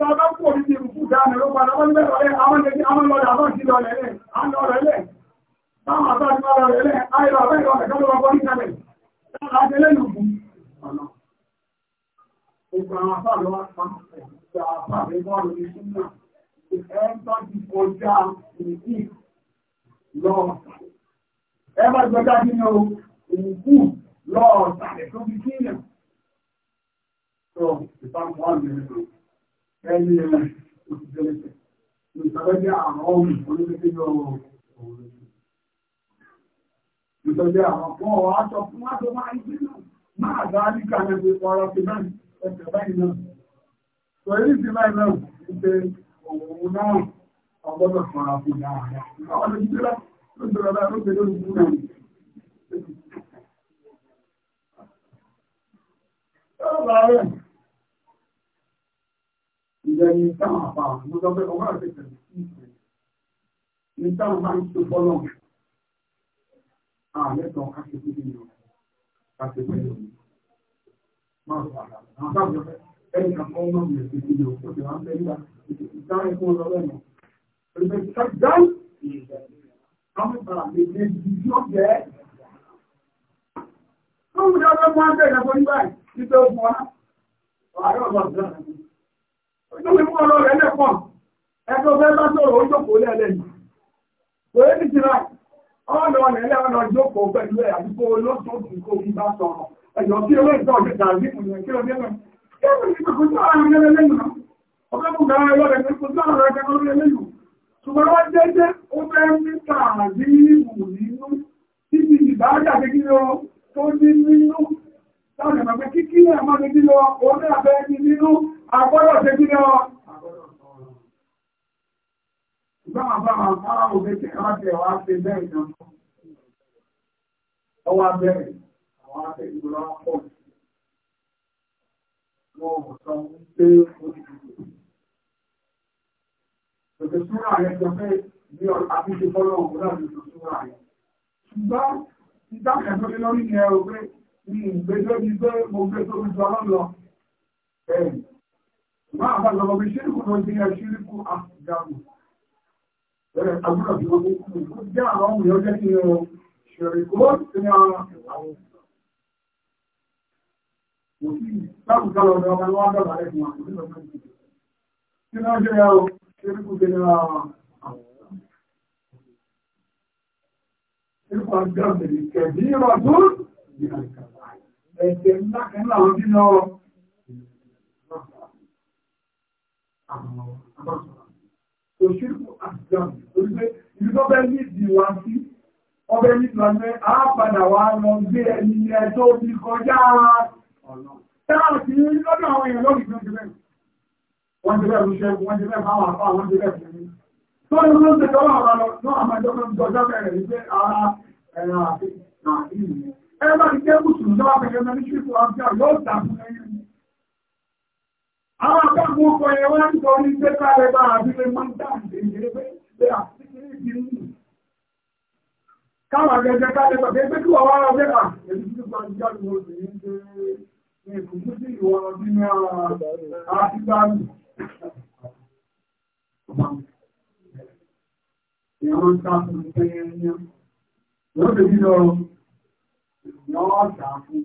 Tọ́lá kú orí ti rùkú dáàmì ló padà wọ́n níbẹ̀ lọ́lẹ́ àwọn ẹgbẹ́ àwọn lọ́lẹ́ àwọn ti lọ́lẹ́ lẹ́ àwọn lọ́lẹ́ lẹ́ báwọn àbá ti máa lọ́lẹ́ lẹ́ àìrọ̀ àbẹ́ ìrọ̀lẹ́ kọ́ ló wọ́n bọ́ ní kalẹ̀ lára jẹ́ lẹ́nu bù. Òkú àwọn àbá lọ wá pa ìgbà àbá rẹ̀ bọ́ọ̀lù ní súnmọ́ ẹ̀ ń tọ́ ti kọjá ìdí lọ. Ẹ bá gbọ́dá kí ni o, òkú lọ́ọ̀ọ̀ta rẹ̀ tó fi ẹni òṣìṣẹ́lẹ̀ṣẹ̀ ìtọ́jẹ́ àwọn ohun oníkẹ́kẹ́ ìtọ́jẹ́ àwọn fún ọwọ́ aṣọ fún aṣọ máa ń gbé náà máa dá ní kàrẹ́gbẹ̀ ọ̀rọ̀ ti náà ẹ̀kẹ́ báyìí náà sọ èyí sí láì náà ń pe òun náà ọgbọ́dọ̀ sọ̀rọ̀ fún dáadáa àwọn olùdíjẹ́ lọ́sọ̀rọ̀ bá lẹ́ni táwọn àpá mo sọ àti ìpẹ̀lú sí ìpẹ̀lú ní táwọn bá ń tó fọ́lọ̀ àlẹ́tọ̀ káṣíkú nínú káṣíkú nínú máa sọ àlà àwọn sábà ẹnì kan kọ́ náà yẹ kí nínú ó ti wá ń bẹ́ nígbà ìdáhùn fún ọlọ́rọ̀ ẹ̀nà pẹ̀lú ṣáàdáì àwọn ìpàlà méje ìjọ jẹ́ Àwọn ìjọba máa ń bẹ̀rẹ̀ fún ibáyìí nítorí wọn, ọ̀rọ̀ ọ̀gbọ̀n Nítorí mú ọ̀rọ̀ rẹ̀ lẹ́pọ̀, ẹgbẹ́ ọgbẹ́ bá sọ̀rọ̀ ó jókòó lẹ́lẹ́yìn. Kò é ti ra, ọ̀nà ọ̀nẹ́lẹ́ ọ̀nà jókòó pẹ̀lú ẹ̀ àdúgbò olóṣòṣù kò fi bá sọ̀rọ̀. Ẹ̀yọ́ kí ó lè tọ́ ọ̀gbẹ́ tàbí ìpìlẹ̀ kí ó dé mẹ́. Kí ó lè kó tó àrùn lẹ́lẹ́yìn náà? Ọgbẹ́ mú gara lọ́rẹ̀ kí ó tó àrùn lẹ́kọ̀ọ́ lẹ́lẹ́yìn. Ṣùgbọ́n wọ́n jẹ́jẹ́ ó fẹ́ ní táwọn ẹ̀mọ̀ pé kí kí ẹ̀mọ́ ní bí lọ òun ní àbẹ́ ní nínú agbọ́dọ̀ ṣe bí lọ. Ìgbàmà bá máa fara òbí ti ká bẹ̀rẹ̀ wá ṣe bẹ́ẹ̀ náà. Ọwọ́ abẹ́rẹ̀ àwọn abẹ́ ìgbòrò pọ̀ sí. Wọ́n ò sọ pé ó ti dìbò. Òṣè súnra rẹ̀ sọ pé bí àti ṣe fọ́lọ́ òun láti ṣe súnra rẹ̀. Ṣùgbọ́n ìdákẹ̀ẹ́ tó lé lórí ni ẹ ní ìgbẹ́jọ́ bí pé mo gbé tó ń sọ́rọ̀ lọ. Máa bá lọ́wọ́ bí ṣíríkù ló ti yẹ ṣíríkù o ṣèríkù ó ti ní àwọn ìwàwọ̀. Kò sí sáàkùkà lọ́dọ̀ ọmọ ni Ìpàdé àbẹ̀lẹ̀ kẹ̀bí ìrọ̀tún Ẹ̀ṣẹ̀ ńlá kan láwọn bí lọ Òṣìkú àtìjáàmù, orílẹ̀ ìlú tó bẹ́ ní ìdíwá sí, ọbẹ̀ ní ìlú ọmọ àápadà wà lọ gbé ẹni ẹ tó bí kọjá ọ̀nà. Táà sí lọ́dọ̀ àwọn èèyàn lórí ìgbẹ́ jẹ́ bẹ́ẹ̀. Wọ́n jẹ́ bẹ́ẹ̀ rúṣẹ́, wọ́n jẹ́ bẹ́ẹ̀ máa wà wọ́n jẹ́ bẹ́ẹ̀ fún mi. Tó ní wọ́n ń tẹ́jọ́ wà lọ, náà àmàjọ́ ẹ̀rọ ti jẹ́ mùsùlùmí lọ́wọ́ pẹ̀lú ẹni ṣíkò àbíà yóò dà fún ẹyẹ ni. Àwọn akẹ́kọ̀ọ́ ọkọ̀ yẹn wọ́n ń sọ ní pé káàrẹ̀ bá àbílẹ̀ máa ń dáàbò ìyẹn pé pé àtìkiri ìdí nù. Káwọn akẹ́kẹ́ káàrẹ̀ bá pé kí wọ́n wá wá pé à èyí tí wọ́n ti jáde wọ́n sì ń ṣe ní ìkùnkùn sí ìwọ ọdún ní àtìgbàlù. Ìyẹn wọ́n ń sá fún yọ́ọ́ dà fún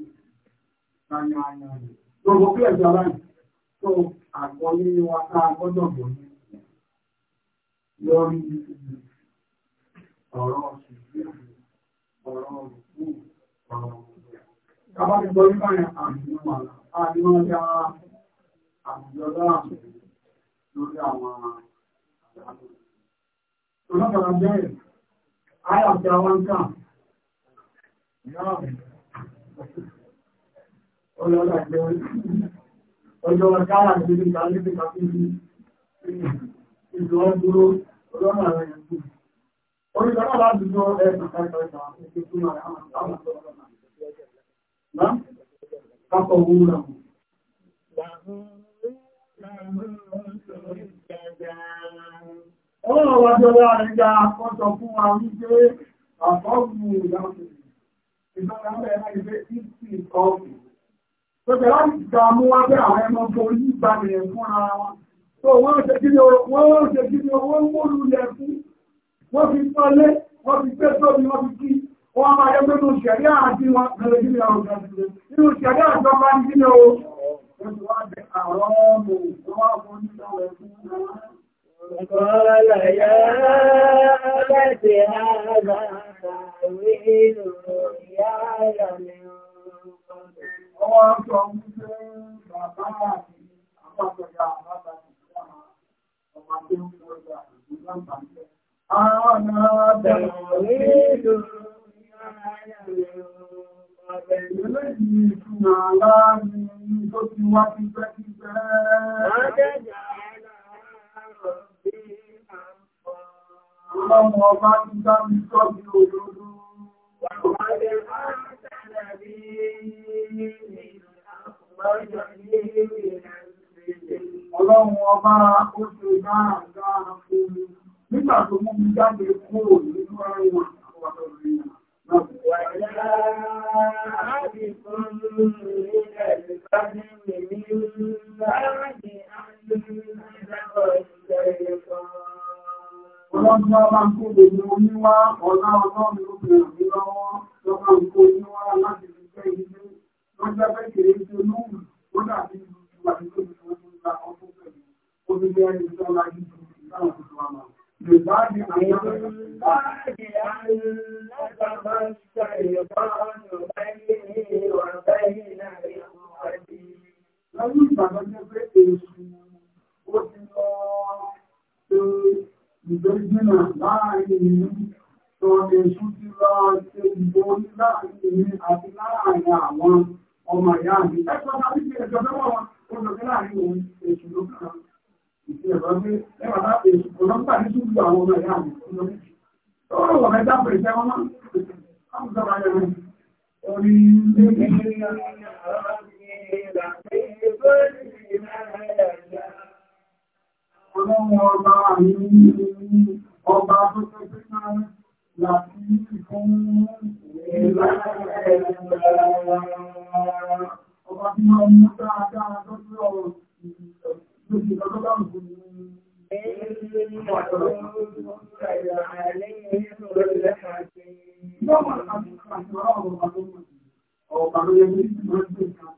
yányányá rẹ̀. Gbogbo bí ẹ̀jọ̀ ara yìí tó àgbọ̀ nínú wa ká gbọ́dọ̀ bọ̀ ní lórí ọ̀rọ̀ ṣùgbọ́n ọ̀rọ̀ òkú ọ̀rọ̀ òkú. Kábà ti gbọ́rí báyìí àmìlú wà láàrin wọn yá àmìlú láàrin lórí Ọjọ́ ọjọ́ àwọn ìgbèrè ìgbà ní ìgbà tí ìlú ọdúró ọlọ́run àwọn ẹ̀kùn. Orí ìjọba láti jọ ẹ̀kùn kẹta ìgbà ìgbè tó máa àwọn àwọn ọlọ́run. Náà, kápọ̀ owó rà mú. Ọlọ́run wájọ́ wá rẹ̀ já kọ́ sọ fún wa wípé àfọ́gbù ìdáhùn ìgbàgbà ń bẹ̀rẹ̀ láti fẹ́ sí sí ìkọ́ọ̀kì. Pẹ̀pẹ̀ láti gba mú wá pé àwọn ẹmọ borí ìbàmì ẹ̀ fún ara wọn. Tó wọ́n ṣe kí ni wọ́n ṣe kí ni fi tọ́lé, wọ́n fi gbé sóbi, wọ́n fi kí. Wọ́n máa yẹ pé mo ṣẹ̀rí àti wọn lọ́lẹ̀ àwọn ọ̀gá ti lè. Nínú ṣẹ̀rí àti ọba ní kí ni o. Oṣù wa bẹ àwọn ọmọ òṣùwọ̀n fún فقال يا أبت هذا تأويل رؤياي من قبل وكنت أنا تأويل رؤياي من Eléyìí fún àlá ni tó ti wá ti pẹ́ ti pẹ́. Wọ́n jẹ́ jà á náà. Ọlọ́run ọba ti dá mi sọ́bí òdodo. Ọlọ́run ó ṣe dáadáa fún mi. Nígbà tó mú mi jáde kúrò nínú ẹ̀wọ̀n àwọn ọ̀rẹ́ Thank Ọlọ́gbọ́n bá ń kó gbogbo oníwá ọ̀lá ọlọ́run ló fi ràn mí lọ́wọ́ lọ́gbà ń kó oníwá láti fi jẹ́ ilé lọ́jọ́ pé kèrè tí olóhùn ó dàbí ìlú ti wà ní tóbi tó ń gba ọkọ̀ pẹ̀lú obìnrin ẹni tó lájú ju ìdáhùn tó wà máa. Lè bá ní àwọn ọmọ ìgbàlódé àárín lọ́gbà máa ń ṣàyẹ̀wò ọ̀rọ̀ báyìí ìgbẹ́gbìnà láàrin ìlú tó èṣù ti lọ ṣe ìbò láàrin ìlú àti láàrin àwọn ọmọ ìyá mi. Ẹ̀kọ́ ọlọ́run ọba àmì ọba tó tẹ́tẹ́ náà láti ọba tí wọ́n mú dáadáa tó tí ọ̀rọ̀ lóṣù lọ́dọ́ bá wù ní Ọba ló yẹ kí ìgbésẹ̀ ìgbésẹ̀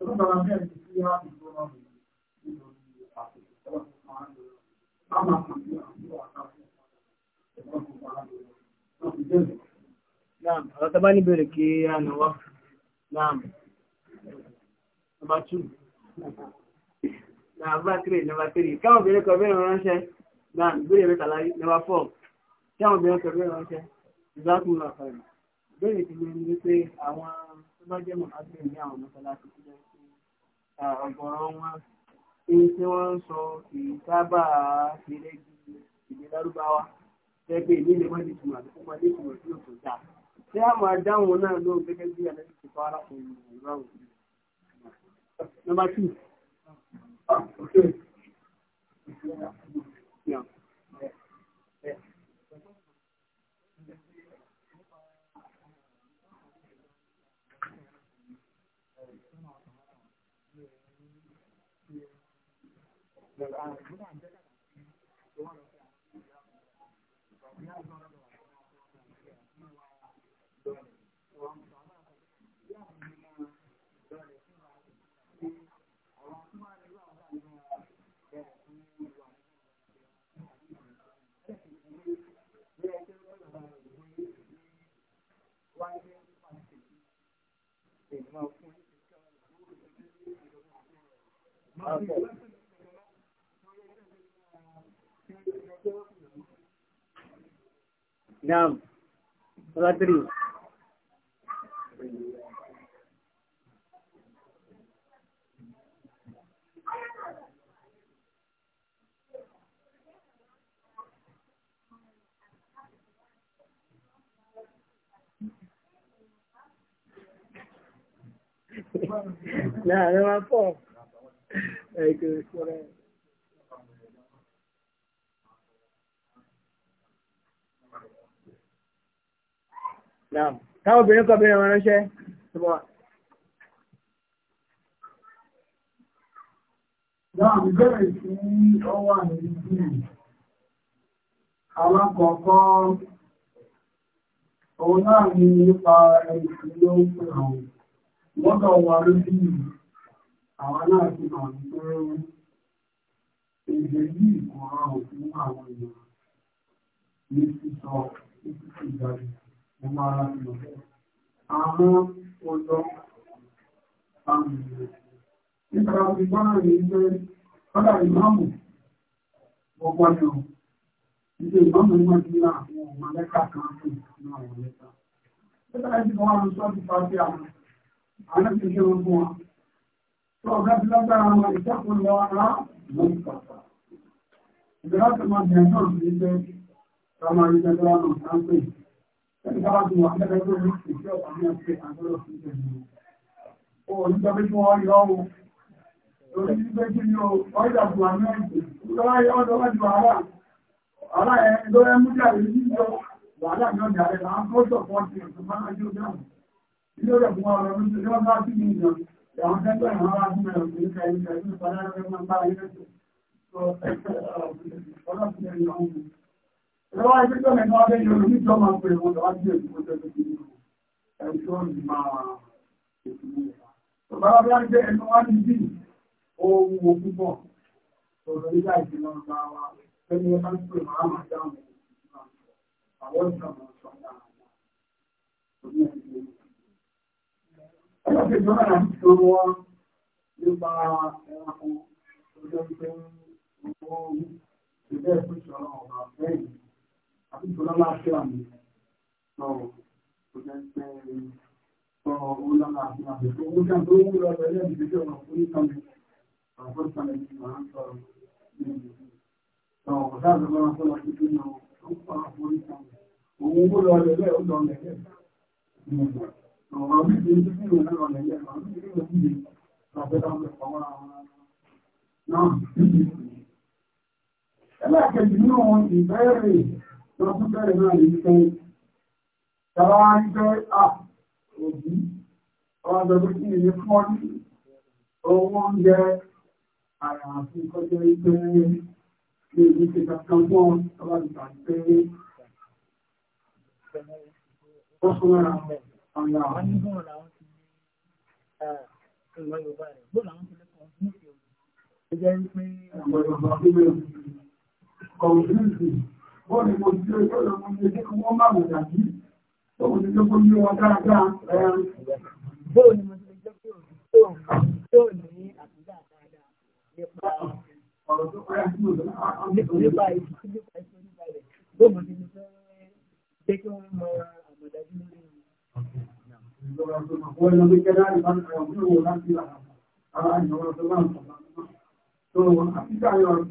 ìgbésẹ̀ ìgbésẹ̀ ìgbésẹ̀ Naam, àwọn tàbá ní bèèrè kí a nà wá. Naam, number two. Naam, number three, number three. Káwọn obìnrin kan bèèrè ránṣẹ́. Naam, bèèrè mẹ́ta láyé. Number four. Káwọn obìnrin kan bèèrè ránṣẹ́. Ìzákùn lọ fẹ́. Bèèrè ti lè ní pé àwọn tó bá jẹ́ mọ̀ èyí tí wọ́n ń sọ èyí sábà ṣe lẹ́gbẹ̀ẹ́ ìdílé lárúbáwá ẹgbẹ́ ìlú ilé mọ́lẹ̀ ìtumọ̀ àti fún mọ́lẹ̀ ìtumọ̀ tí òkú dá tí a máa dáhùn náà lóhùn gẹ́gẹ́ bí alẹ́ ti fọ́ ara fún ìlú ọ̀hún. Number two. Oh, Okay. Naam. Number three. Nah, number four. Very good. táwọn obìnrin kan bẹ̀rẹ̀ ránṣẹ́ Alákọ̀ọ́kọ́ òun náà ni nípa ẹ̀sìn ló ń pè àwọn lọ́dọ̀ wà lójú àwọn náà ti mọ̀ pé èdè yìí kò fún àwọn èèyàn ní sísọ títí ìgbàlẹ̀ ọmọ ara fi lọ àwọn ọjọ́ àwọn ìlú nípa ti bá rẹ̀ ilé kọ́dà ìmáàmù gbogbo ọjọ́ ilé ìmáàmù ní wọ́n ti ní àwọn ọmọ lẹ́ka kan fún ní àwọn lẹ́ka nípa ti bọ́ àwọn sọ́ ti fa sí àwọn àwọn ti ṣe wọn Orí gbígbé kí ni ó, ọjà fún àmì ọ̀ìsìn, lọ́wọ́ ọdọ́ wájú àárá, àárá ẹ̀ ló ẹ mú jàrí ní ìjọ wàhálà ní ọjà rẹ̀ láàá kó sọ fún ọdún ẹ̀sùn máa jù dáhùn. Ilé ọjà fún ọ̀rọ̀ ní ṣe lọ́wọ́ bá sí ní ìjọ, àwọn tẹ́gbẹ̀ ìrànlá fún ẹ̀rùn ní kẹ́yìn kẹ́yìn Ìjọba ẹgbẹ́ tó mẹ́ta ọdún yóò ní ìjọba pé wọ́n lọ́wọ́ sí èdè tó tẹ́lẹ̀ sí ẹ̀rù tó ń máa ètò ìlera. Bàbá bí wọ́n gbé ẹnu wá ní bí ohun wo púpọ̀. Ọ̀rọ̀ nígbà ìjìnlẹ̀ ọ̀gá wa, ẹni ẹ bá ń pè àbújọ lálàáfíà mi lọ kò jẹ́ pé sọ owó lálàáfíà mi tó owó kan tó wú lọ pẹ̀lú ẹ̀dùn tó wà fún ìtàn mi àwọn ọ̀sán mi máa ń sọ ní ìlú lọ ọ̀dà àgbẹ̀ máa sọ lọ títí lọ ó pa fún ìtàn mi òun owó lọ lẹ́lẹ́ ti ń lọ tún bẹ̀rẹ̀ náà ní pé tàbá wá ń jẹ́ à òbí ọwọ́ àgbẹ̀bí kí ni fún ọ ní owó oúnjẹ àyà àti ìkọjọ ìpé ní ìlú ti kankan fún ọ tàbá ti gbà pé ó fún ara ọ̀nà àwọn ìwà Yorùbá rẹ̀ gbọ́dọ̀ àwọn tó lẹ́kọ̀ọ́ ní ìṣẹ́ òjò. Ó jẹ́ wípé àwọn Yorùbá fún mi kọ̀ọ̀kì bọ́ọ̀lù mo ti ọjọ́ ìrọ̀mọ́ ní ẹjẹ́ kí wọ́n máa wò dàbí tó kò ní jẹ́ kó yé wọn dáadáa ẹ̀ bọ́ọ̀lù mo ti jẹ́ kí òun tó ní àbúdá dáadáa nípa ọ̀rọ̀ tó kọ́ yá sí òun nípa ìfúnnípa ìfúnníbalẹ̀ bọ́ọ̀lù mo ti ní fẹ́ jẹ́ kí wọ́n mọ àmọ̀dájú lórí ìjọba tó máa wọ́n lọ bí kẹ́lá ìbánisọ̀rọ̀ mí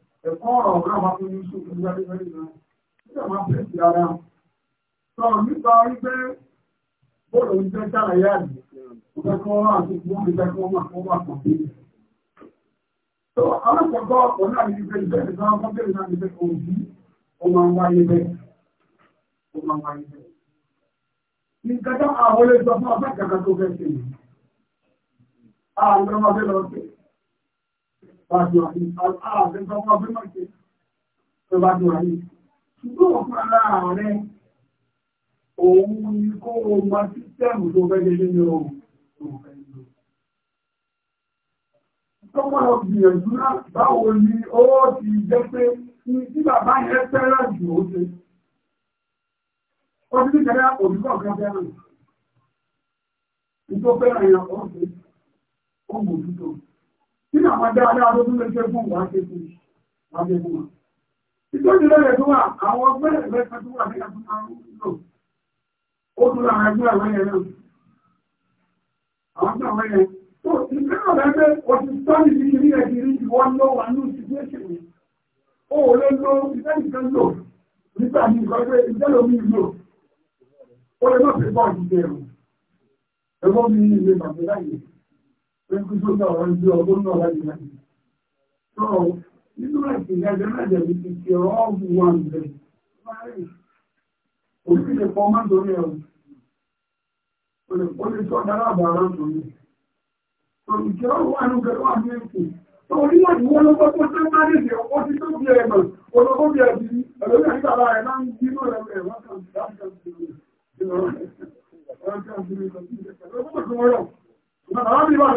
ẹ̀kọ́ ọ̀rọ̀ ọ̀gá máa fi ní ṣùkú ní adébẹ́rẹ́ náà nígbà máa fẹ́ sí ara sọ nípa wípé bóòlù ń fẹ́ ṣàlàyé àdì ọ̀gá kan wà àti ìgbóhùn ìgbà kan wà kan wà kan bí. tó alákọ̀ọ́kọ́ ọ̀pọ̀ náà ní ibi ìbẹ̀rẹ̀ sáwọn kọ́bẹ̀rẹ̀ náà ní ibi òbí ó máa ń wáyé bẹ́ẹ̀ ó máa ń wáyé bẹ́ẹ̀. nǹkan tó àwọn olóòtú ọ̀pọ̀ ọ̀pẹ́ kàkà tó fẹ́ sí ni àwọn ọmọdé lọ sí i. Bájúra ní ààrẹ tó wọ́n fẹ́ máa ṣe tó bájúra ní. Ṣùgbọ́n ọ̀pọ̀ ara rẹ̀ òun ni kó o ma sísẹ́mù tó fẹ́ gẹ́gẹ́ ní ọ̀rùn tó fẹ́ lò. Tọ́pọ̀ lọ gbìyànjú náà báwo ni ó ti jẹ́ pé ní tí bàbá kan fẹ́ràn. Ìjọ fẹ́ràn yẹn ó Ó mọ̀ nínú àwọn dáadáa tó tún lè ṣe fún wọn ṣe fún wọn ṣe fún wọn. ìtọ́jú lọ́yẹ̀ tó wà àwọn ọgbẹ́ ẹ̀rẹ́ta tó wà nígbà tó máa ń lò ó tún láwọn ẹgbẹ́ àwọn yẹn náà àwọn tó àwọn yẹn tó ìgbẹ́ ọ̀rẹ́ pé o ti sọ́ọ̀nì sí kiri ẹ̀ kiri ìwọ́n ló wà ní situation yẹn o ò lè lo ìfẹ́ nìkan lò nígbà ní ìgbà pé ìfẹ́ lomi lò ó lè má fi bọ́ọ̀lù bẹ̀rù ẹ̀fọ́ mi ní ilé bàbá láyé Nínú ẹ̀sìn ìdájọ́ náà jẹ̀bi ti ṣe ọ́ọ̀bù wọn bẹ̀rẹ̀. Òbí lè fọ́ máa torí ẹ̀rù. Olè tó dára bàárá torí. Òbíkẹ́ ọ̀rọ̀ wà ní ọgbẹ̀rẹ̀ wà ní ẹ̀kùn. Torí wà ní wọ́n lọ́pọ̀ tó tẹ́ máa lè ṣe ọkọ́ sí tó bí ẹ̀mọ̀. Olókó bí ẹ̀bí ẹ̀lórí àgbàrá ẹ̀ máa ń bínú ẹ̀rẹ̀ wọ́n kàn Bẹ́jọ́ sí wọn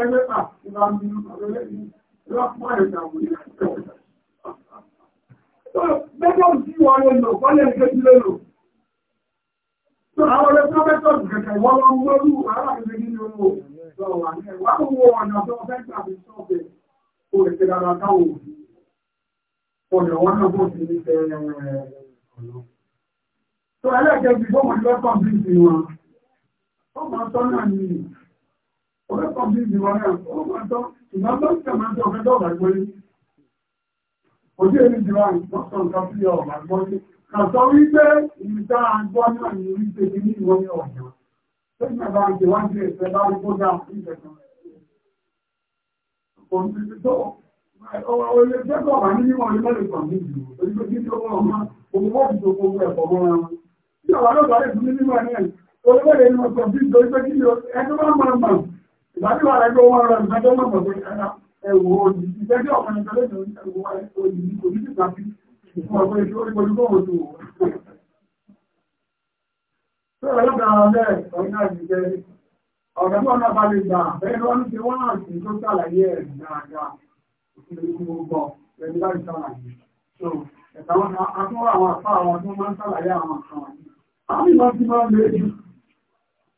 lè lò, wọ́n lè gẹ́jú lè lò. Tó àwọn ọ̀rẹ́ pọ́fẹ́tọ̀sì kẹ̀kẹ̀ wọ́n lọ mọ́rú aláàrẹ̀ nínú owó lọ́wọ́ ní ẹ̀wà owó ọ̀nà tó fẹ́ gbàmí sọ́ọ̀bẹ̀ ó lè ṣe dára táwọn òbí ọ̀rẹ́kọ̀ bí ìdìbò náà ọ̀rọ̀ tó ìgbọ́n tó ń tẹ̀mọ́ tó fẹ́ dọ̀gbà gbé yìí ojú èmi jù wá ìpọ́sọ̀ nǹkan sí ọ̀gbà gbọ́ yìí kàtọ́ wípé ìta àgbọ́ náà ní orí tèmi ní ìwọ́n ní ọ̀gbà tó ń bá ń tẹ̀ wá sí ẹ̀fẹ́ bá ń gbódà ìfẹ̀kan Olè jẹ́kọ̀ọ́ wà ní mímọ̀ ní mọ́lẹ̀ kan ní ìlú, orí pé kí ní owó ọmọ, òun wọ́n ti tó gbogbo ẹ̀kọ́ mọ́ra wọn. Tí àwọn alọ́gbà rẹ̀ fún mímọ̀ ní ẹ̀, olè mọ́lẹ̀ ní ọ̀sán bí ìjọ ìgbé ìgbàdíwà rẹ̀ ló wọ́n rẹ̀ ìgbàjọ́ mọ̀ pé ẹ̀wò òdì ìgbẹ́jọ́ ọ̀kan ìgbàlẹ́ ìgbàlẹ́ òdì ní kò ní sí ìgbàfí fún ọ̀pọ̀ ìṣòro ìgbàlúgbọ̀ òdò Ọ̀gbẹ̀gbọ́n náà bá lè gbà, bẹ́ẹ̀ lọ́nà ti wọ́n àti tó sàlàyé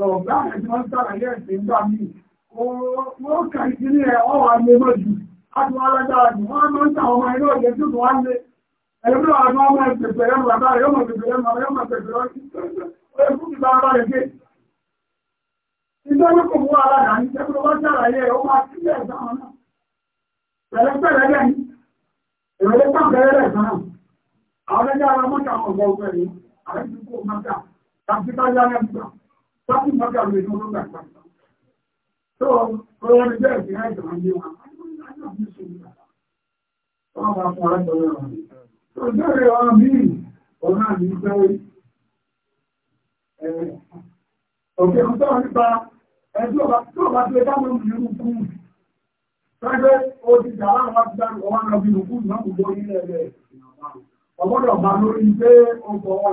sọ̀rọ̀ bá àwọn ẹjọ́ ń sàlàyé ẹ̀sìn ń gbà mí wọ́n kà sí ní ẹ̀ ọ́ wà lé lójú láti wọ́n lágbára jù wọ́n máa ń ta ọmọ inú ọ̀gẹ́ tó wà lé ẹ̀lẹ́gbẹ́ àwọn ọmọ ìpèsè ẹ̀rọ bàbá rẹ̀ yóò mọ̀ pèsè ẹ̀rọ bàbá yóò mọ̀ pèsè ẹ̀rọ ó yẹ fún ìgbà ara rẹ̀ gé ìjọba kò mú ara dà ní ṣẹ́kọ̀ wọ́n sàlàyé ẹ̀ ó máa sílẹ̀ sáwọn náà pẹ̀lẹ́pẹ̀lẹ́ bẹ́ẹ̀ ni ìrọ̀lẹ́ Sáàtì mọ́gà àwọn èèyàn ló gbà pàtàkì. Tó ọ̀rọ̀ ni bẹ́ẹ̀ sí àìsàn àmì wọn. Wọ́n máa fún alágbọ̀wé wọn. Tó bẹ́ẹ̀rẹ̀ ọ̀rọ̀ míì, ọ̀rọ̀ àmì ìgbẹ́ Òkè ń sọ̀rọ̀ nípa ẹjọ́ tó bá ti lè bá wọn ìlú kú. Sáàgbé ó ti dà láwọn wá ti dá ọwọ́ náà bí ìlú náà kò Ọgbọ́dọ̀ bá lórí pé ó bọ̀ ọ́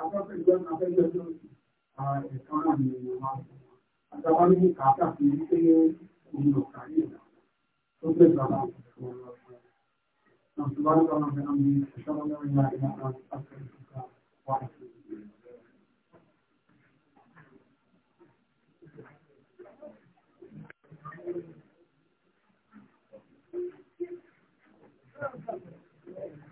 akọ́kọ̀ọ́ afẹ́jọ́jọ́ ah, ẹ̀kan náà ni wọ́n àtàwọn ní kàákà fi ń pé òun ò kàrí ìlà tó gbé bàbá òun lọ sí ọ̀nà tó bá ń Thank you.